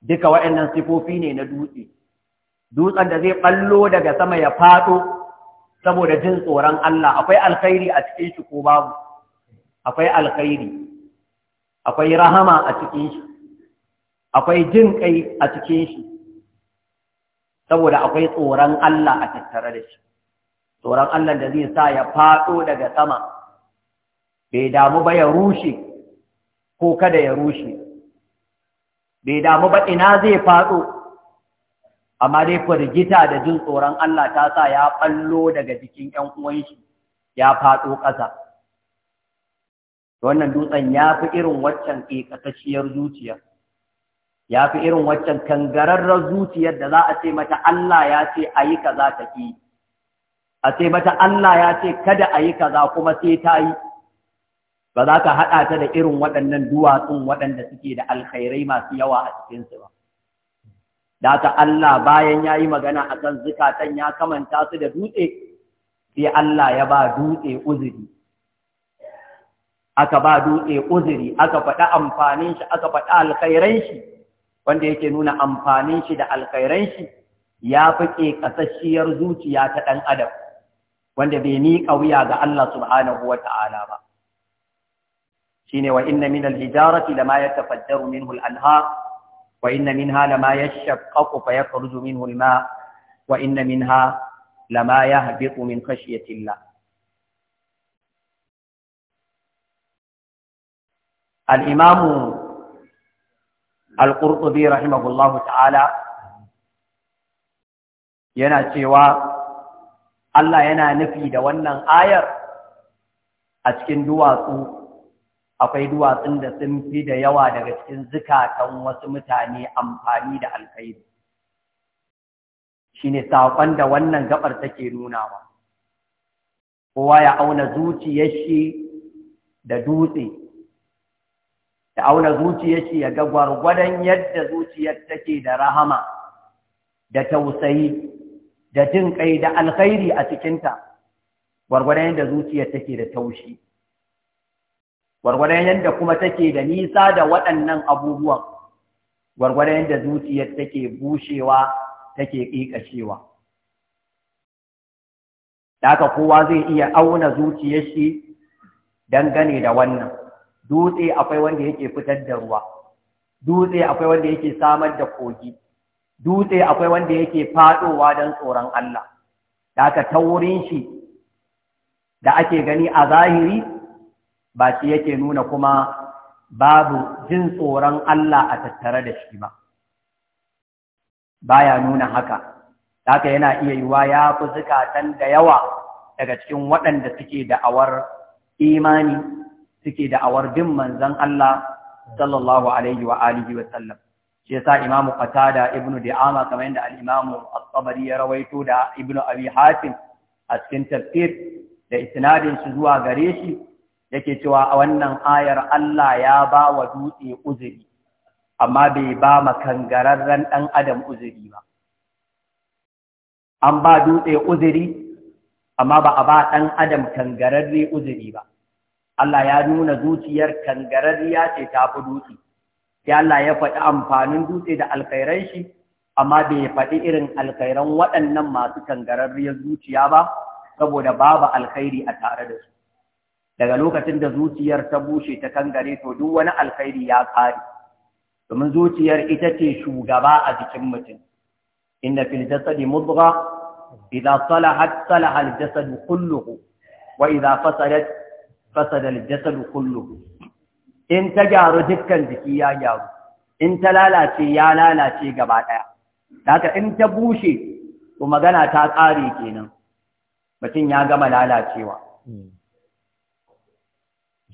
duka waɗannan sifofi ne na dutse dutsen da zai ɓallo daga sama ya faɗo saboda jin tsoron Allah akwai alkhairi a cikin shi ko babu akwai alkhairi akwai rahama a cikin shi akwai jin kai a cikin shi saboda akwai tsoron Allah a tattare da shi tsoron Allah da zai sa ya faɗo daga sama bai damu ba ya rushe ko kada ya rushe bai damu ba ina zai faɗo amma dai firgita da jin tsoron Allah ta sa ya ɓallo daga jikin ‘yan uwanshi ya faɗo ƙasa wannan dutsen ya fi irin waccan ƙasashiyar zuciya ya fi irin waccan kangararren zuciyar da za a ce mata Allah ya ce a yi ka za ta ƙi a ce mata Allah ya ce kada a yi kaza kuma sai ta yi ba za ka haɗa ta da irin waɗannan duwatsun waɗanda suke da alkhairai masu yawa a cikinsu ba da ta Allah bayan ya yi magana a kan zukatan ya kamanta su da dutse sai Allah ya ba dutse uzuri aka ba dutse uzuri aka faɗa amfanin shi aka faɗa alkhairan shi wanda yake nuna amfanin shi da alkhairan shi ya fi ƙasasshiyar zuciya ta ɗan adam wanda bai miƙa wuya ga Allah subhanahu wata'ala ba shine wa inna min al-hijarati lama yatafaddaru minhu al-anhar wa inna minha lama yashaqqaqu fa yakhruju minhu al-ma wa inna minha lama yahbitu min khashyati Allah al-imam al-qurtubi rahimahullahu ta'ala yana cewa Allah yana nufi da wannan ayar a cikin duwatsu akwai duwatsun da sun fi da yawa daga cikin zukatan wasu mutane amfani da alkhairi shine saƙon da wannan gabar take nuna nunawa kowa ya auna zuciyar da dutse ya auna zuciyar shi ya ga gwargwadon yadda zuciyar take da rahama da tausayi da jin kai da alkhairi a cikinta gwargwadon yadda zuciyar take da taushi gwargwadon yadda kuma take da nisa da waɗannan abubuwan gwargwadon yadda zuciyar take bushewa take ƙiƙashewa da haka kowa zai iya auna zuciyar shi dangane da wannan dutse akwai wanda yake fitar da ruwa dutse akwai wanda yake samar da kogi dutse akwai wanda yake fadowa don tsoron Allah da aka taurin shi da ake gani a zahiri ba shi yake nuna kuma babu jin tsoron Allah a tattare da shi ba baya nuna haka haka yana iya yiwa ya fi zukatan da yawa daga cikin waɗanda suke da'awar imani suke da'awar bin manzon Allah sallallahu alaihi wa alihi wa sallam shi yasa imamu qatada ibnu di'ama kamar yadda al-imamu at-tabari ya rawaito da ibnu abi hatim a cikin tafsir da isnadin shi zuwa gare shi yake cewa a wannan ayar Allah ya ba wa dutse uzuri amma bai ba makangararren dan adam uzuri ba an ba dutse uzuri amma ba a ba ɗan adam kangararre uzuri ba Allah ya nuna zuciyar kangararriya ce ta fi dutse sai Allah ya faɗi amfanin dutse da alkhairan shi amma bai faɗi irin alkhairan waɗannan masu kangararriyar zuciya ba saboda babu alkhairi a tare da su daga lokacin da zuciyar ta bushe ta kangare to duk wani alkhairi ya kare domin zuciyar ita ce shugaba a jikin mutum inna fil jasadi mudgha idza salahat salaha al jasad kulluhu wa idza fasadat fasada al jasad kulluhu in ta gyaru dukkan jiki ya gyaru in ta lalace ya lalace gaba ɗaya haka in ta bushe to magana ta ƙare kenan mutum ya gama lalacewa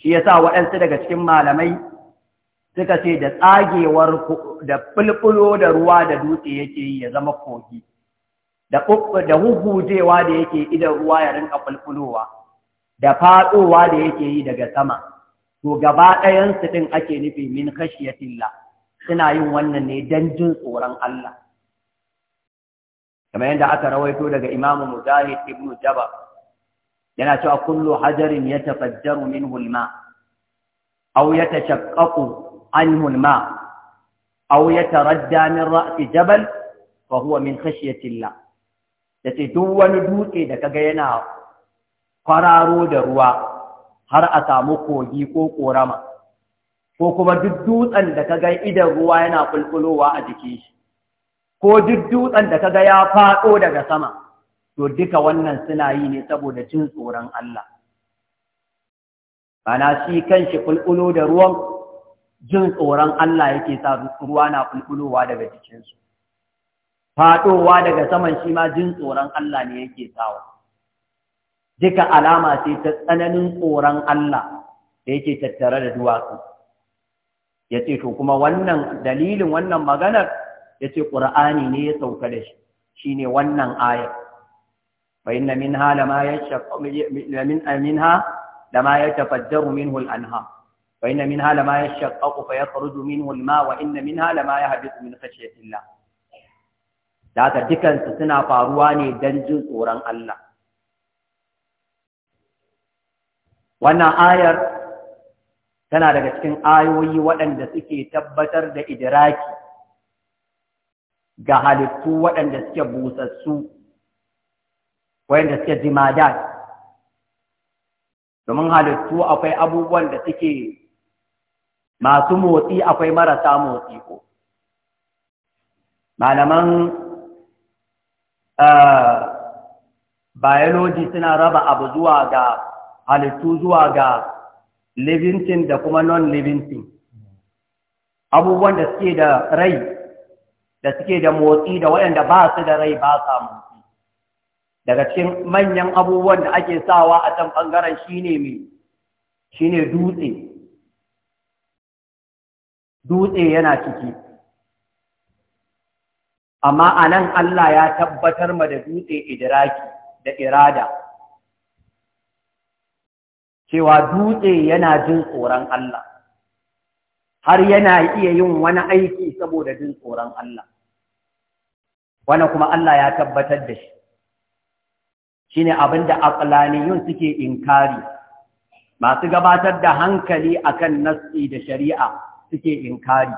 shi ya sa waɗansu daga cikin malamai suka ce da tsagewar da fulfulo da ruwa da dutse yake yi ya zama kogi da huhujewa da yake idan ruwa ya rinka fulfulowa da faɗowa da yake yi daga sama to gaba ɗayansu ɗin din ake nufi min khashiyatillah suna yin wannan ne don jin tsoron Allah kamar yadda aka rawaito daga Imamu Mujahid ibn Jabr yana cewa kullu hajarin yatafajjaru min hulma, ma aw yatashaqqaqu an hulma, ma aw yataradda min ra'si jabal fa huwa min khashyati Da yace duk wani dutse da kaga yana kwararo da ruwa har a samu kogi ko korama ko kuma duk dutsen da ga idan ruwa yana kulkulowa a jikin shi ko duk dutsen da ga ya faɗo daga sama to duka wannan suna yi ne saboda cin tsoron Allah bana shi kanshi kulkulo da ruwan jin tsoron Allah yake sa ruwa na kulkulowa daga jikinsu faɗowa daga saman shi ma jin tsoron Allah ne yake sawa duka alama ce ta tsananin tsoron Allah da yake tattare da duwatsu ya ce to kuma wannan dalilin wannan maganar ya ce ƙura'ani ne ya sauka da shi shi ne wannan ayar فإن da لما يشق منها لما يتفجر منه الأنهار فإن منها لما يشقق فيخرج منه الماء وإن منها لما يهبط من خشية الله da haka dukansu suna faruwa ne don jin tsoron Allah wannan ayar tana daga cikin ayoyi waɗanda suke tabbatar da idiraki ga halittu waɗanda suke busassu waɗanda suke jimadan. domin halittu akwai abubuwan da suke masu motsi akwai marasa motsi ko malaman eh, biology suna raba abu zuwa ga halittu zuwa ga livintin da kuma non-livintin abubuwan da suke da rai da suke da motsi da waɗanda ba su da rai ba sa motsi daga cikin manyan abubuwan da ake sawa a can ɓangaren shine mai shine dutse dutse yana ciki amma a nan Allah ya tabbatar ma da dutse idiraki da irada cewa dutse yana jin tsoron Allah har yana iya yin wani aiki saboda jin tsoron Allah wani kuma Allah ya tabbatar da shi shine abinda yin suke inkari masu gabatar da hankali akan nassi da shari'a suke inkari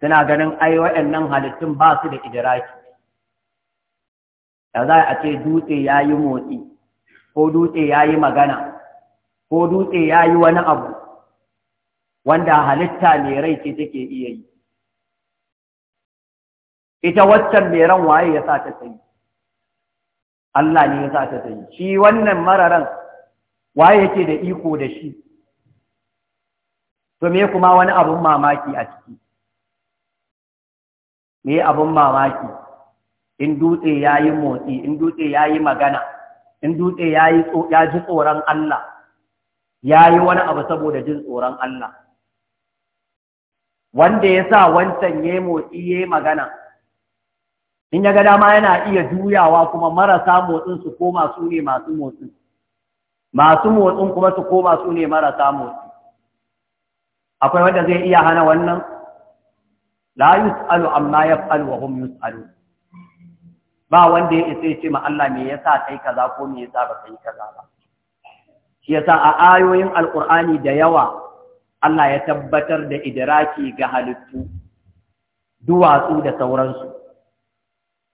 suna ganin ai waɗannan halittun ba su da idraki da za a ce dutse ya yi motsi ko dutse ya yi magana ko dutse ya yi wani abu wanda halitta mai rai ce take iya yi ita waccan mai ran waye ya sa ta sayi Allah ne ya sa ta sayi shi wannan mararan waye yake da iko da shi to me kuma wani abun mamaki a ciki me abun mamaki in dutse ya yi motsi in dutse ya yi magana in dutse ya ji tsoron Allah ya yi wani abu saboda jin tsoron Allah wanda ya sa wancan ya motsi ya magana in ya ga dama yana iya juyawa kuma marasa motsin su koma su ne masu motsin masu motsin kuma su koma su ne marasa motsi akwai wanda zai iya hana wannan la yus'alu amma yaf'alu wa hum Alu. ba wanda ya isa ya ce ma Allah me yasa kai kaza ko me yasa ba kai kaza ba shi yasa a ayoyin alqur'ani da yawa Allah ya tabbatar da idraki ga halittu duwatsu da sauransu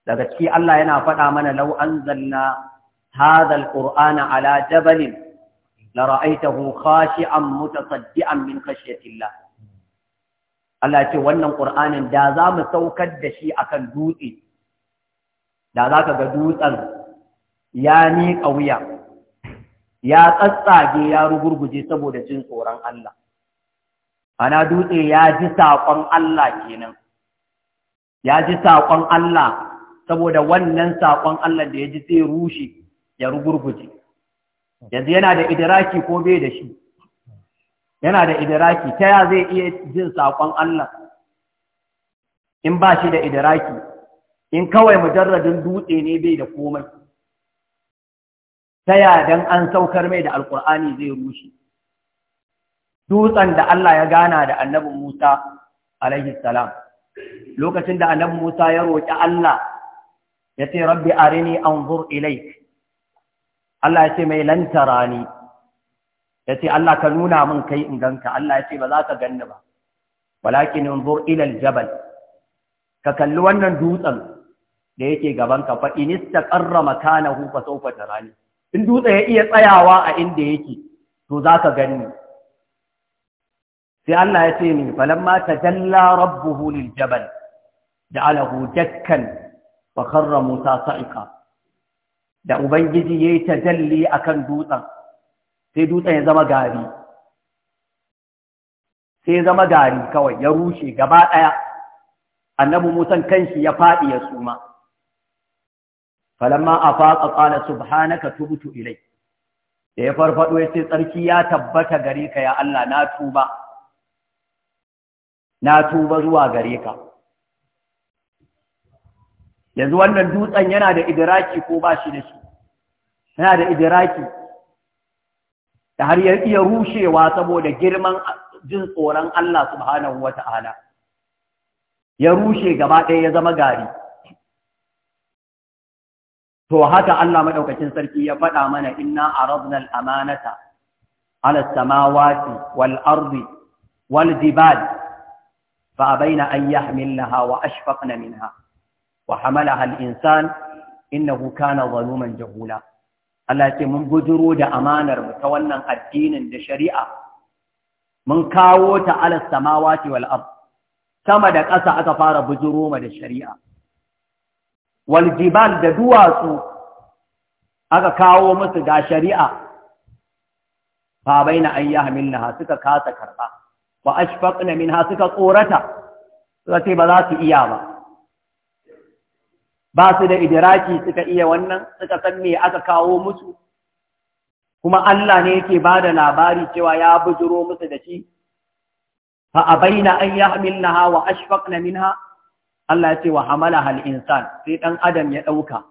daga ciki Allah yana faɗa mana law anzalna hadha alqur'ana ala jabalin la ra'aytahu khashi'an mutasaddian min khashyatillah Allah ce wannan qur'anin da za mu saukar da shi akan dutse da za ka ga dutsen ya ni wuya ya tsatsage ya rugurguje saboda jin tsoron Allah ana dutse ya ji saƙon Allah kenan ya ji saƙon Allah saboda wannan saƙon Allah da ya ji zai rushe ya rugurguje yanzu yana da idiraki ko bai da shi yana da idiraki ta ya zai iya jin saƙon Allah in ba shi da idiraki in kawai mujarradin dutse ne bai da komai ta dan an saukar mai da alkur'ani zai rushe dutsen da Allah ya gana da annabin Musa alaihi salam lokacin da annabin Musa ya roƙi Allah ya ce rabbi arini anzur ilaik Allah ya ce mai lantara ya ce Allah ka nuna min kai in ganka Allah ya ce ba za ka ganni ba walakin anzur ila aljabal ka kalli wannan dutsen da yake gaban ka fa in istaqarra makanahu fa sawfa tarani in dutse ya iya tsayawa a inda yake to zaka gani sai Allah ya ce ni falamma tajalla rabbuhu lil jabal ja'alahu dakkan fa kharra musa sa'iqa da ubangiji yayi tajalli akan dutsen sai dutsen ya zama gari sai ya zama gari kawai ya rushe gaba daya annabi musan kanshi ya fadi ya suma falamma afaqa qala subhanaka tubtu ilai da ya farfaɗo ya ce tsarki ya tabbata gare ka ya Allah na tuba na tuba zuwa gare ka yanzu wannan dutsen yana da idiraki ko ba shi da shi yana da idraki da har ya iya rushewa saboda girman jin tsoron Allah subhanahu wata'ala ya rushe gaba ɗaya ya zama gari To haka Allah maɗaukacin sarki ya faɗa mana inna a al-amanata ala samawati wal ardi wal Ba fa baina an milaha wa na minha wa hamalaha al-insan innahu kana zaluman jahula Allah ce mun guduro da amanar ta wannan addinin da shari'a mun kawo ta ala samawati wal ardi sama da ƙasa aka fara bujuro ma da shari'a waljibal da duwatsu aka kawo musu ga shari'a fa baina an yahmilnaha suka kasa karba wa ashfaqna minha suka tsorata suka ce ba za su iya ba ba su da idiraki suka iya wannan suka san me aka kawo musu kuma Allah ne yake ba da labari cewa ya bujuro musu da shi fa abaina an yahmilnaha wa ashfaqna minha Allah ya ce wa hamala hal insan sai dan adam ya dauka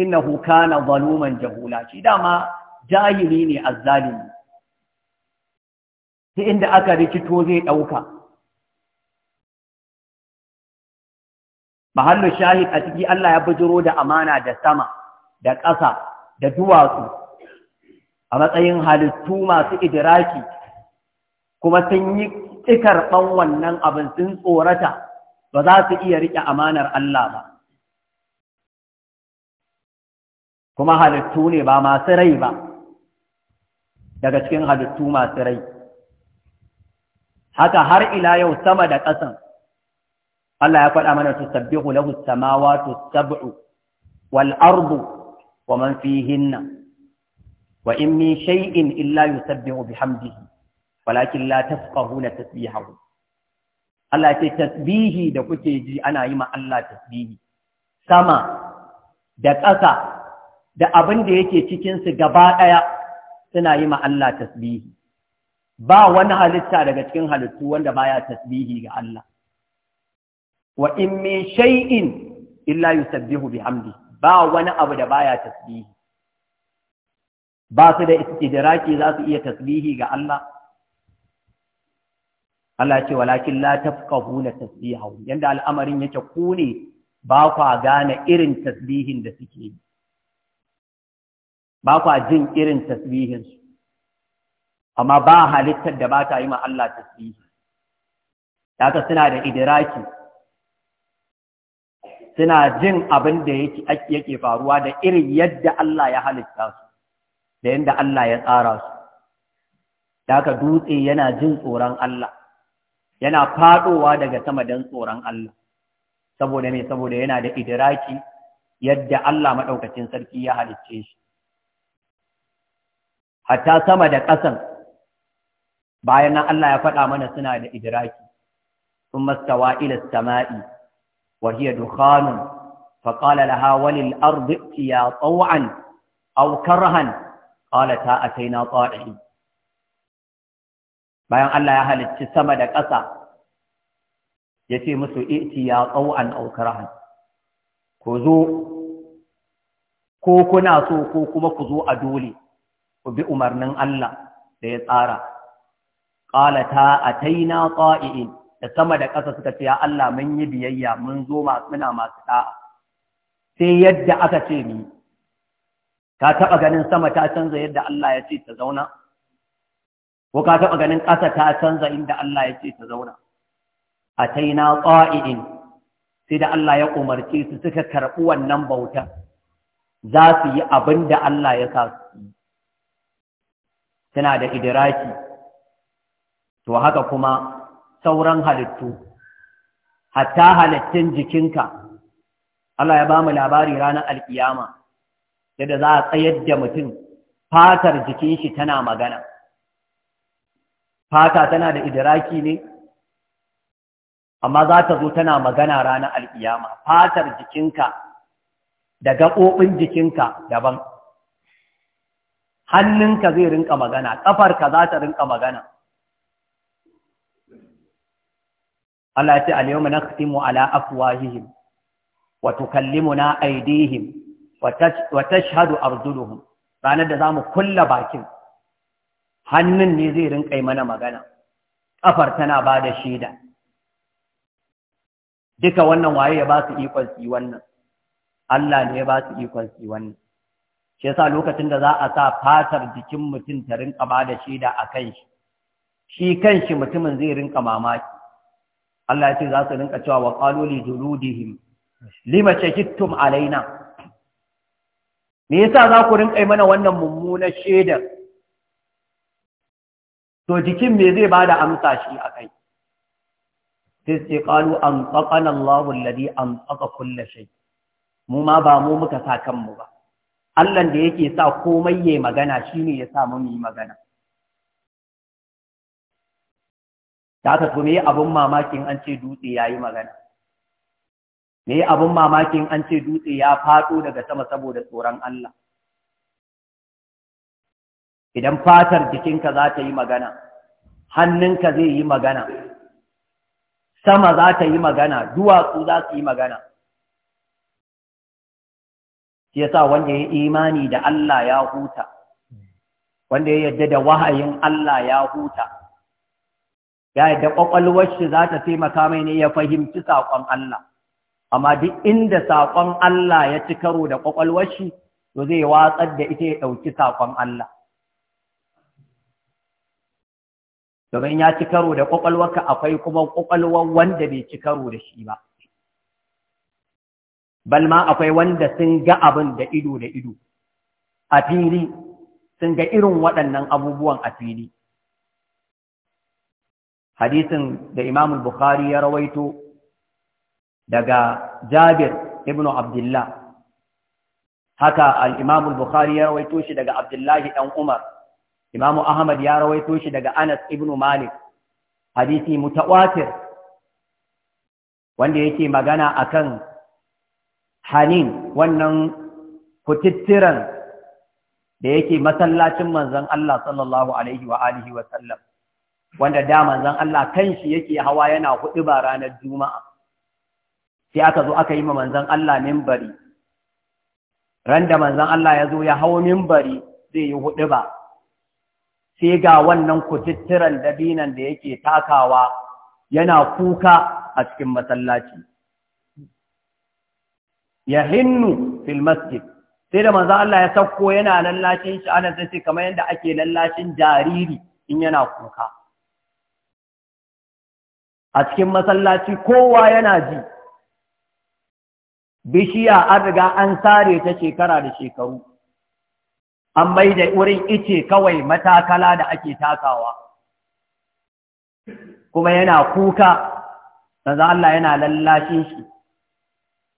innahu kana zaluman jahula shi dama jahili ne azzalimi sai inda aka rikito zai dauka mahallu shahid a ciki Allah ya bujiro da amana da sama da ƙasa da duwatsu a matsayin halittu masu idiraki kuma sun yi ƙikarɓan wannan abin sun tsorata ba za su iya riƙe amanar Allah ba kuma halittu ne ba masu rai ba daga cikin halittu masu rai haka har ila yau sama da ƙasan Allah ya faɗa mana su sabbihu lahu samawati sab'u wal arbu wa man fihinna wa in min shay'in illa yusabbihu bihamdihi walakin la tafqahuna tasbihahu Allah ce tasbihi da kuke ji ana yi ma Allah tasbihi sama da ƙasa da abin da yake cikin su gaba ɗaya suna yi ma Allah tasbihi ba wani halitta daga cikin halittu wanda baya tasbihi ga Allah wa in min shay'in illa yusabbihu bihamdi ba wani abu da baya tasbihi ba su da istidraki za su iya tasbihi ga Allah Allah ce walakin la la tasbihu yanda al'amarin yake ku ne ba ku gane irin tasbihin da suke yi ba ku jin irin tasbihin su amma ba halittar da ba ta yi ma Allah tasbihi ka suna da idiraki suna jin abin da yake yake faruwa da irin yadda Allah ya halitta su da yadda Allah ya tsara su ka dutse yana jin tsoron Allah yana faɗowa daga sama don tsoron Allah saboda me saboda yana da idiraki yadda Allah maɗaukacin sarki ya halicce shi hatta sama da ƙasan bayan nan Allah ya faɗa mana suna da idiraki sun mastawa ila sama'i wa dukhanun fa qala laha walil ardi ya taw'an aw karhan qala ta ataina ta'i'in bayan Allah ya halicci sama da ƙasa ya ce musu iti ya tsawon aukarahan ku zo ko kuna so ko kuma ku zo a dole ku bi umarnin Allah da ya tsara ƙalata a taina ƙa'i'in da sama da ƙasa suka ce ya Allah mun yi biyayya mun zo muna masu ɗa'a sai yadda aka ce ni ta taɓa ganin sama ta canza yadda Allah ya ce ta zauna ko ka taɓa ganin ƙasa ta canza inda Allah ya ce ta zauna a taina ƙa'idin sai da Allah ya umarci su suka karɓi wannan bautar za su yi abin da Allah ya sa su yi suna da idiraki to haka kuma sauran halittu hatta halittun jikinka Allah ya ba mu labari ranar alkiyama yadda za a tsayar da mutum fatar jikin shi tana magana fata tana da idiraki ne amma za ta zo tana magana ranar al'iyama fatar jikinka da gaɓoɓin jikinka daban hannunka zai rinka magana ƙafarka za ta rinka magana Allah ya ce al na nakhtimu ala afwahihim wa na aidihim wa tashhadu arjuluhum ranar da za mu kulla bakin hannun ne zai rinƙa mana magana ƙafar tana ba da shaida duka wannan waye ya ba su ikon su wannan Allah ne ya ba su ikon su wannan shi sa lokacin da za a sa fatar jikin mutum ta rinƙa ba da shaida a kan shi shi kan shi mutumin zai rinƙa mamaki Allah ya ce za su rinƙa cewa wa qalu juludihim lima alaina me yasa za ku rinka mana wannan mummunar shaidar to jikin me zai bada amsa shi kai sai sai kalu an tsakana Allahu ladi an tsaka kulle shay mu ma ba mu muka sa kanmu ba Allah da yake sa komai yayi magana shine ya sa mu yi magana da aka me abun mamakin an ce dutse yayi magana me abun mamakin an ce dutse ya fado daga sama saboda tsoron Allah idan fatar jikinka za ta yi magana hannunka zai yi magana sama za ta yi magana duwatsu za su yi magana shi yasa wanda ya imani da Allah ya huta wanda ya yadda da wahayin Allah ya huta ya yadda ƙwaƙwalwar shi za ta taimaka mai ne ya fahimci saƙon Allah amma duk inda saƙon Allah ya ci karo da ƙwaƙwalwar shi to zai watsar da ita ya ɗauki saƙon Allah domin ya ci karo da kwakwalwaka, akwai kuma kwakwalwar wanda bai ci karo da shi ba Balma akwai wanda sun ga abin da ido da ido a fili sun ga irin waɗannan abubuwan a fili hadisin da imam bukhari ya rawaito daga jabir ibn abdullah haka Al'imamul bukhari ya rawaito shi daga abdullahi dan umar Imam Ahmad ya rawaito shi daga Anas ibn Malik hadisi mutawatir wanda yake magana akan Hanin wannan kutittiran da yake masallacin manzon Allah sallallahu alaihi wa alihi wa sallam wanda da manzon Allah kanshi yake hawa yana hudu ba ranar Juma'a sai aka zo aka yi ma manzon Allah minbari randa manzon Allah ya zo ya hawo minbari zai yi hudu ba sai ga wannan kututturan dabinan da yake takawa yana kuka a cikin masallaci ya hinnu fil masjid sai da manzo Allah ya sauko yana lallacin shi ana kamar yadda ake lallacin jariri in yana kuka a cikin masallaci kowa yana ji bishiya an riga an sare ta shekara da shekaru an mai da wurin ice kawai matakala da ake takawa kuma yana kuka manzan Allah yana lallashin shi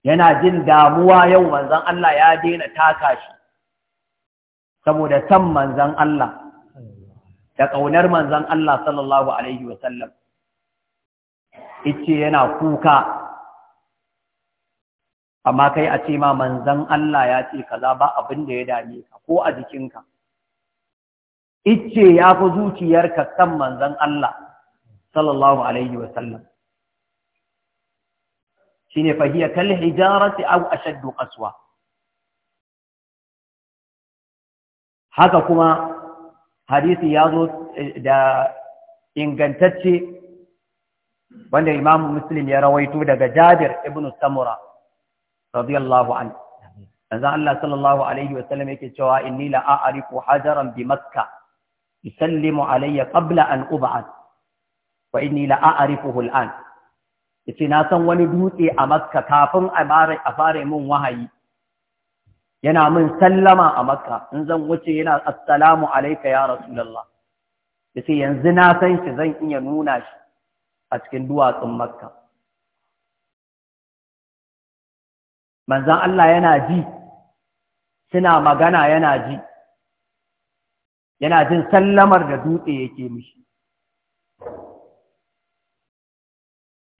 yana jin damuwa yau manzan Allah ya daina taka shi saboda san manzan Allah da ƙaunar manzan Allah sallallahu Alaihi wasallam ice yana kuka amma kai a ce ma manzan Allah ya ce kaza ba abin da ya dame ka ko a jikinka icce ya fi zuciyarka "San manzan Allah sallallahu alaihi wasallam shine fahiya kal hijarati aw ashaddu qaswa haka kuma hadisi ya zo eh, da ingantacce wanda imamu muslim ya rawaito daga jabir ibn samura radiyallahu an manzo Allah sallallahu alaihi wa sallam yake cewa inni la a'rifu hajaran bi makka yusallimu alayya qabla an wa inni la a'rifuhu al'an yace na san wani dutse a makka kafin a fara min wahayi yana min sallama a makka in zan wuce yana asalamu alayka ya rasulullah yace yanzu na san shi zan iya nuna shi a cikin duwatsun makka manzan Allah yana ji suna magana yana ji yana jin sallamar da dutse yake mishi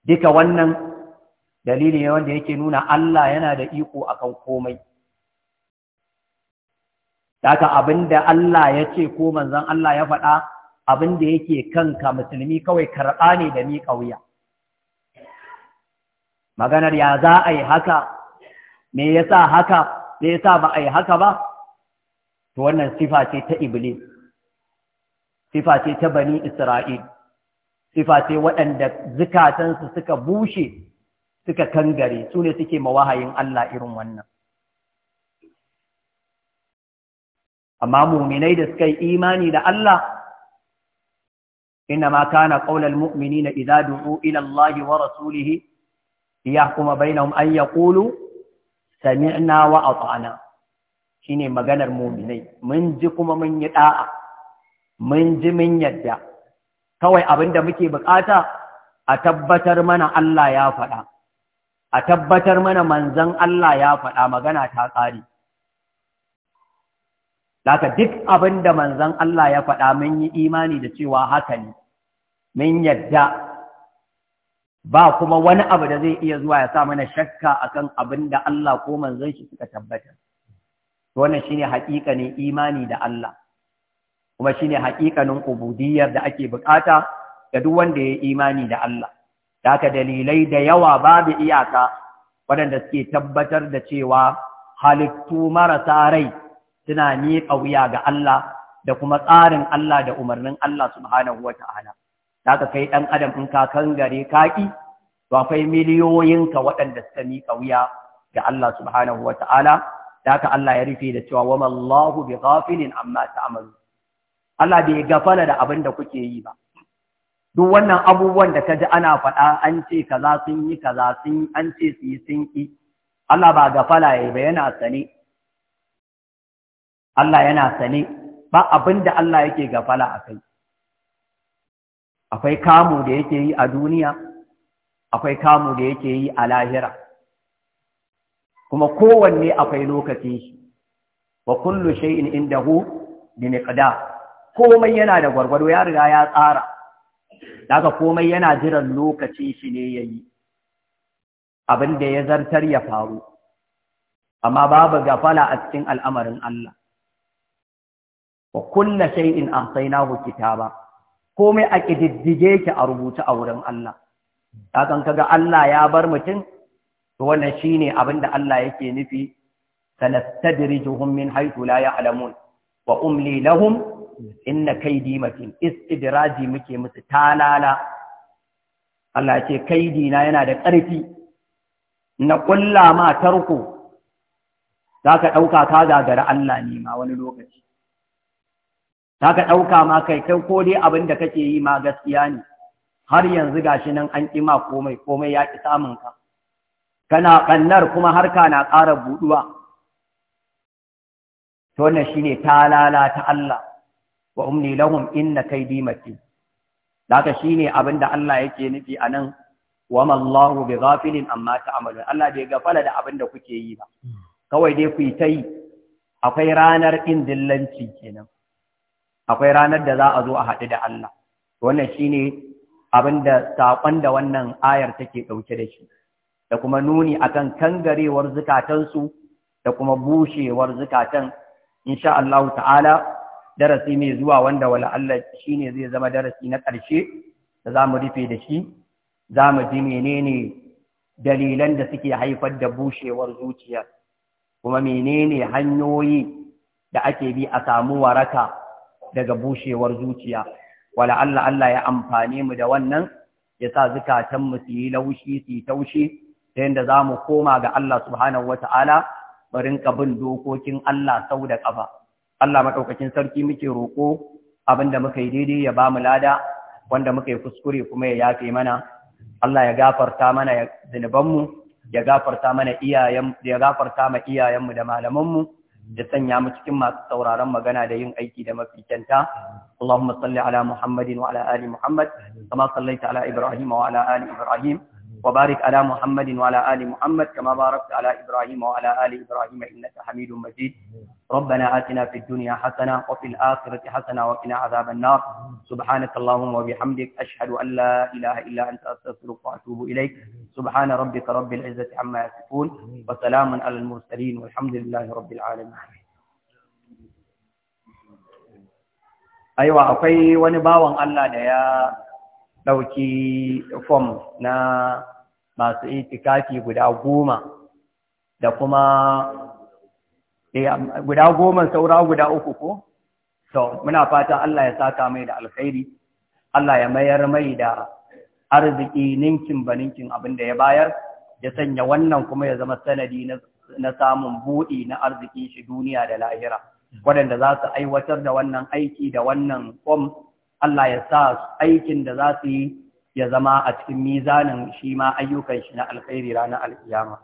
duka wannan dalili ne wanda yake nuna Allah yana da iko akan komai daga abinda Allah ya ce ko manzan Allah ya faɗa abinda yake kanka musulmi kawai karɓa ne da miƙa wuya maganar ya za a yi haka me yasa haka me yasa ba a yi haka ba to wannan sifa ce ta iblis sifa ce ta bani isra'il sifa ce waɗanda zukatansu suka bushe suka kangare su ne suke mawahayin Allah irin wannan amma muminai da suka yi imani da Allah إنما كان قول المؤمنين إذا دعوا إلى الله ورسوله ليحكم بينهم أن يقولوا sami'na wa ata'na shine maganar mu'minai mun ji kuma mun yi da'a mun ji mun yadda kawai abinda muke bukata a tabbatar mana Allah ya faɗa a tabbatar mana manzon Allah ya faɗa magana ta tsari Laka duk abinda manzon Allah ya faɗa mun yi imani da cewa haka ne mun yadda ba kuma wani abu da zai iya zuwa ya sa mana shakka akan abin da Allah ko manzon shi suka tabbata wannan shine haƙiƙanin imani da Allah kuma shine haƙiƙanin ubudiyyar da ake bukata ga duk wanda ya imani da Allah da dalilai da yawa babu iyaka waɗanda suke tabbatar da cewa halittu marasa rai suna miƙa wuya ga Allah da kuma tsarin Allah da umarnin Allah subhanahu wa ta'ala. Naka kai ɗan adam in ka kan kangare kaƙi, to akwai miliyoyinka waɗanda suka miƙa wuya ga Allah subhanahu wa ta'ala, haka Allah ya rufe da cewa wama Allahu bi ghafilin amma ta ta'malu. Allah bai gafala da abin da kuke yi ba. Duk wannan abubuwan da ka ji ana faɗa an ce kaza sun yi kaza sun an ce su yi sun ki. Allah ba gafala ya yi ba yana sane. Allah yana sane ba abin da Allah yake gafala a kai. akwai kamu da yake yi a duniya akwai kamu da yake yi a lahira kuma kowanne akwai lokacin shi wa kullu shay'in indahu bi miqdar komai yana da gwargwado ya riga ya tsara daga komai yana jiran lokaci shi ne yayi abin da ya zartar ya faru amma babu gafala a cikin al'amarin Allah wa kullu shay'in ahsaynahu ba. komai a ƙididdige ki a rubuta a wurin Allah kakan kaga Allah ya bar mutum to wannan shine abin da Allah yake nufi sanastadrijuhum hummin haythu la alamun. wa umli lahum inna Iski da istidraji muke musu talala Allah ce kaidi na yana da ƙarfi na ƙulla ma tarko Za ka ɗauka ka gagara Allah ne ma wani lokaci ta ka ɗauka ma kai kai ko dai abin da kake yi ma gaskiya ne har yanzu gashi nan an ƙi komai komai ya ƙi samun ka kana ƙannar kuma harka na ƙara buɗuwa to wannan shine ta ta Allah wa umni lahum inna kaydi matin haka shine abin da Allah yake nufi anan wa mallahu bi ghafilin amma ta'malun Allah bai gafala da abin da kuke yi ba kawai dai ku yi ta yi akwai ranar indillanci kenan akwai ranar da za a zo a haɗu da Allah wannan shi ne abin da saƙon da wannan ayar take ɗauke da shi da kuma nuni akan kangarewar zukatansu da kuma bushewar zukatan insha Allah ta'ala darasi mai zuwa wanda wala Allah shi ne zai zama darasi na ƙarshe da za mu rufe da shi za mu ji menene dalilan da suke haifar da bushewar zuciya kuma menene hanyoyi da ake bi a samu waraka daga bushewar zuciya wala Allah Allah ya amfane mu da wannan ya sa zukatan mu su yi laushi su yi taushi ta yadda za mu koma ga Allah subhanahu wata'ala mu rinka bin dokokin Allah sau da ƙafa Allah maɗaukakin sarki muke roƙo abinda da muka yi daidai ya ba mu lada wanda muka yi kuskure kuma ya yafe mana Allah ya gafarta mana zunubanmu ya gafarta mana iyayen ya gafarta ma iyayenmu da malamanmu da sanya mu cikin masu sauraron magana da yin aiki da mafi kyanta Allahumma salli ala Muhammadin wa ala ali Muhammad kama sallaita ala Ibrahim wa ala ali Ibrahim وبارك على محمد وعلى آل محمد كما باركت على إبراهيم وعلى آل إبراهيم إنك حميد مجيد ربنا آتنا في الدنيا حسنة وفي الآخرة حسنة وقنا عذاب النار سبحانك اللهم وبحمدك أشهد أن لا إله إلا أنت أستغفرك وأتوب إليك سبحان ربك رب العزة عما يصفون وسلام على المرسلين والحمد لله رب العالمين أيوة akwai وني باوان الله ده يا ɗauki fom na masu itikafi guda goma da kuma eh, guda goma saura guda uku ko? So, muna fata Allah ya saka mai da alkhairi, Allah ya mayar mai da arziki ninkin ba ninkin abin da ya bayar, ya sanya wannan kuma ya zama sanadi na samun buɗi na arziki shi duniya da lahira. Waɗanda za su aiwatar da wannan aiki da wannan form. Allah ya sa aikin da za su yi ya zama a cikin mizanin shi ma ayyukan shi na alkhairi ranar alkiyama.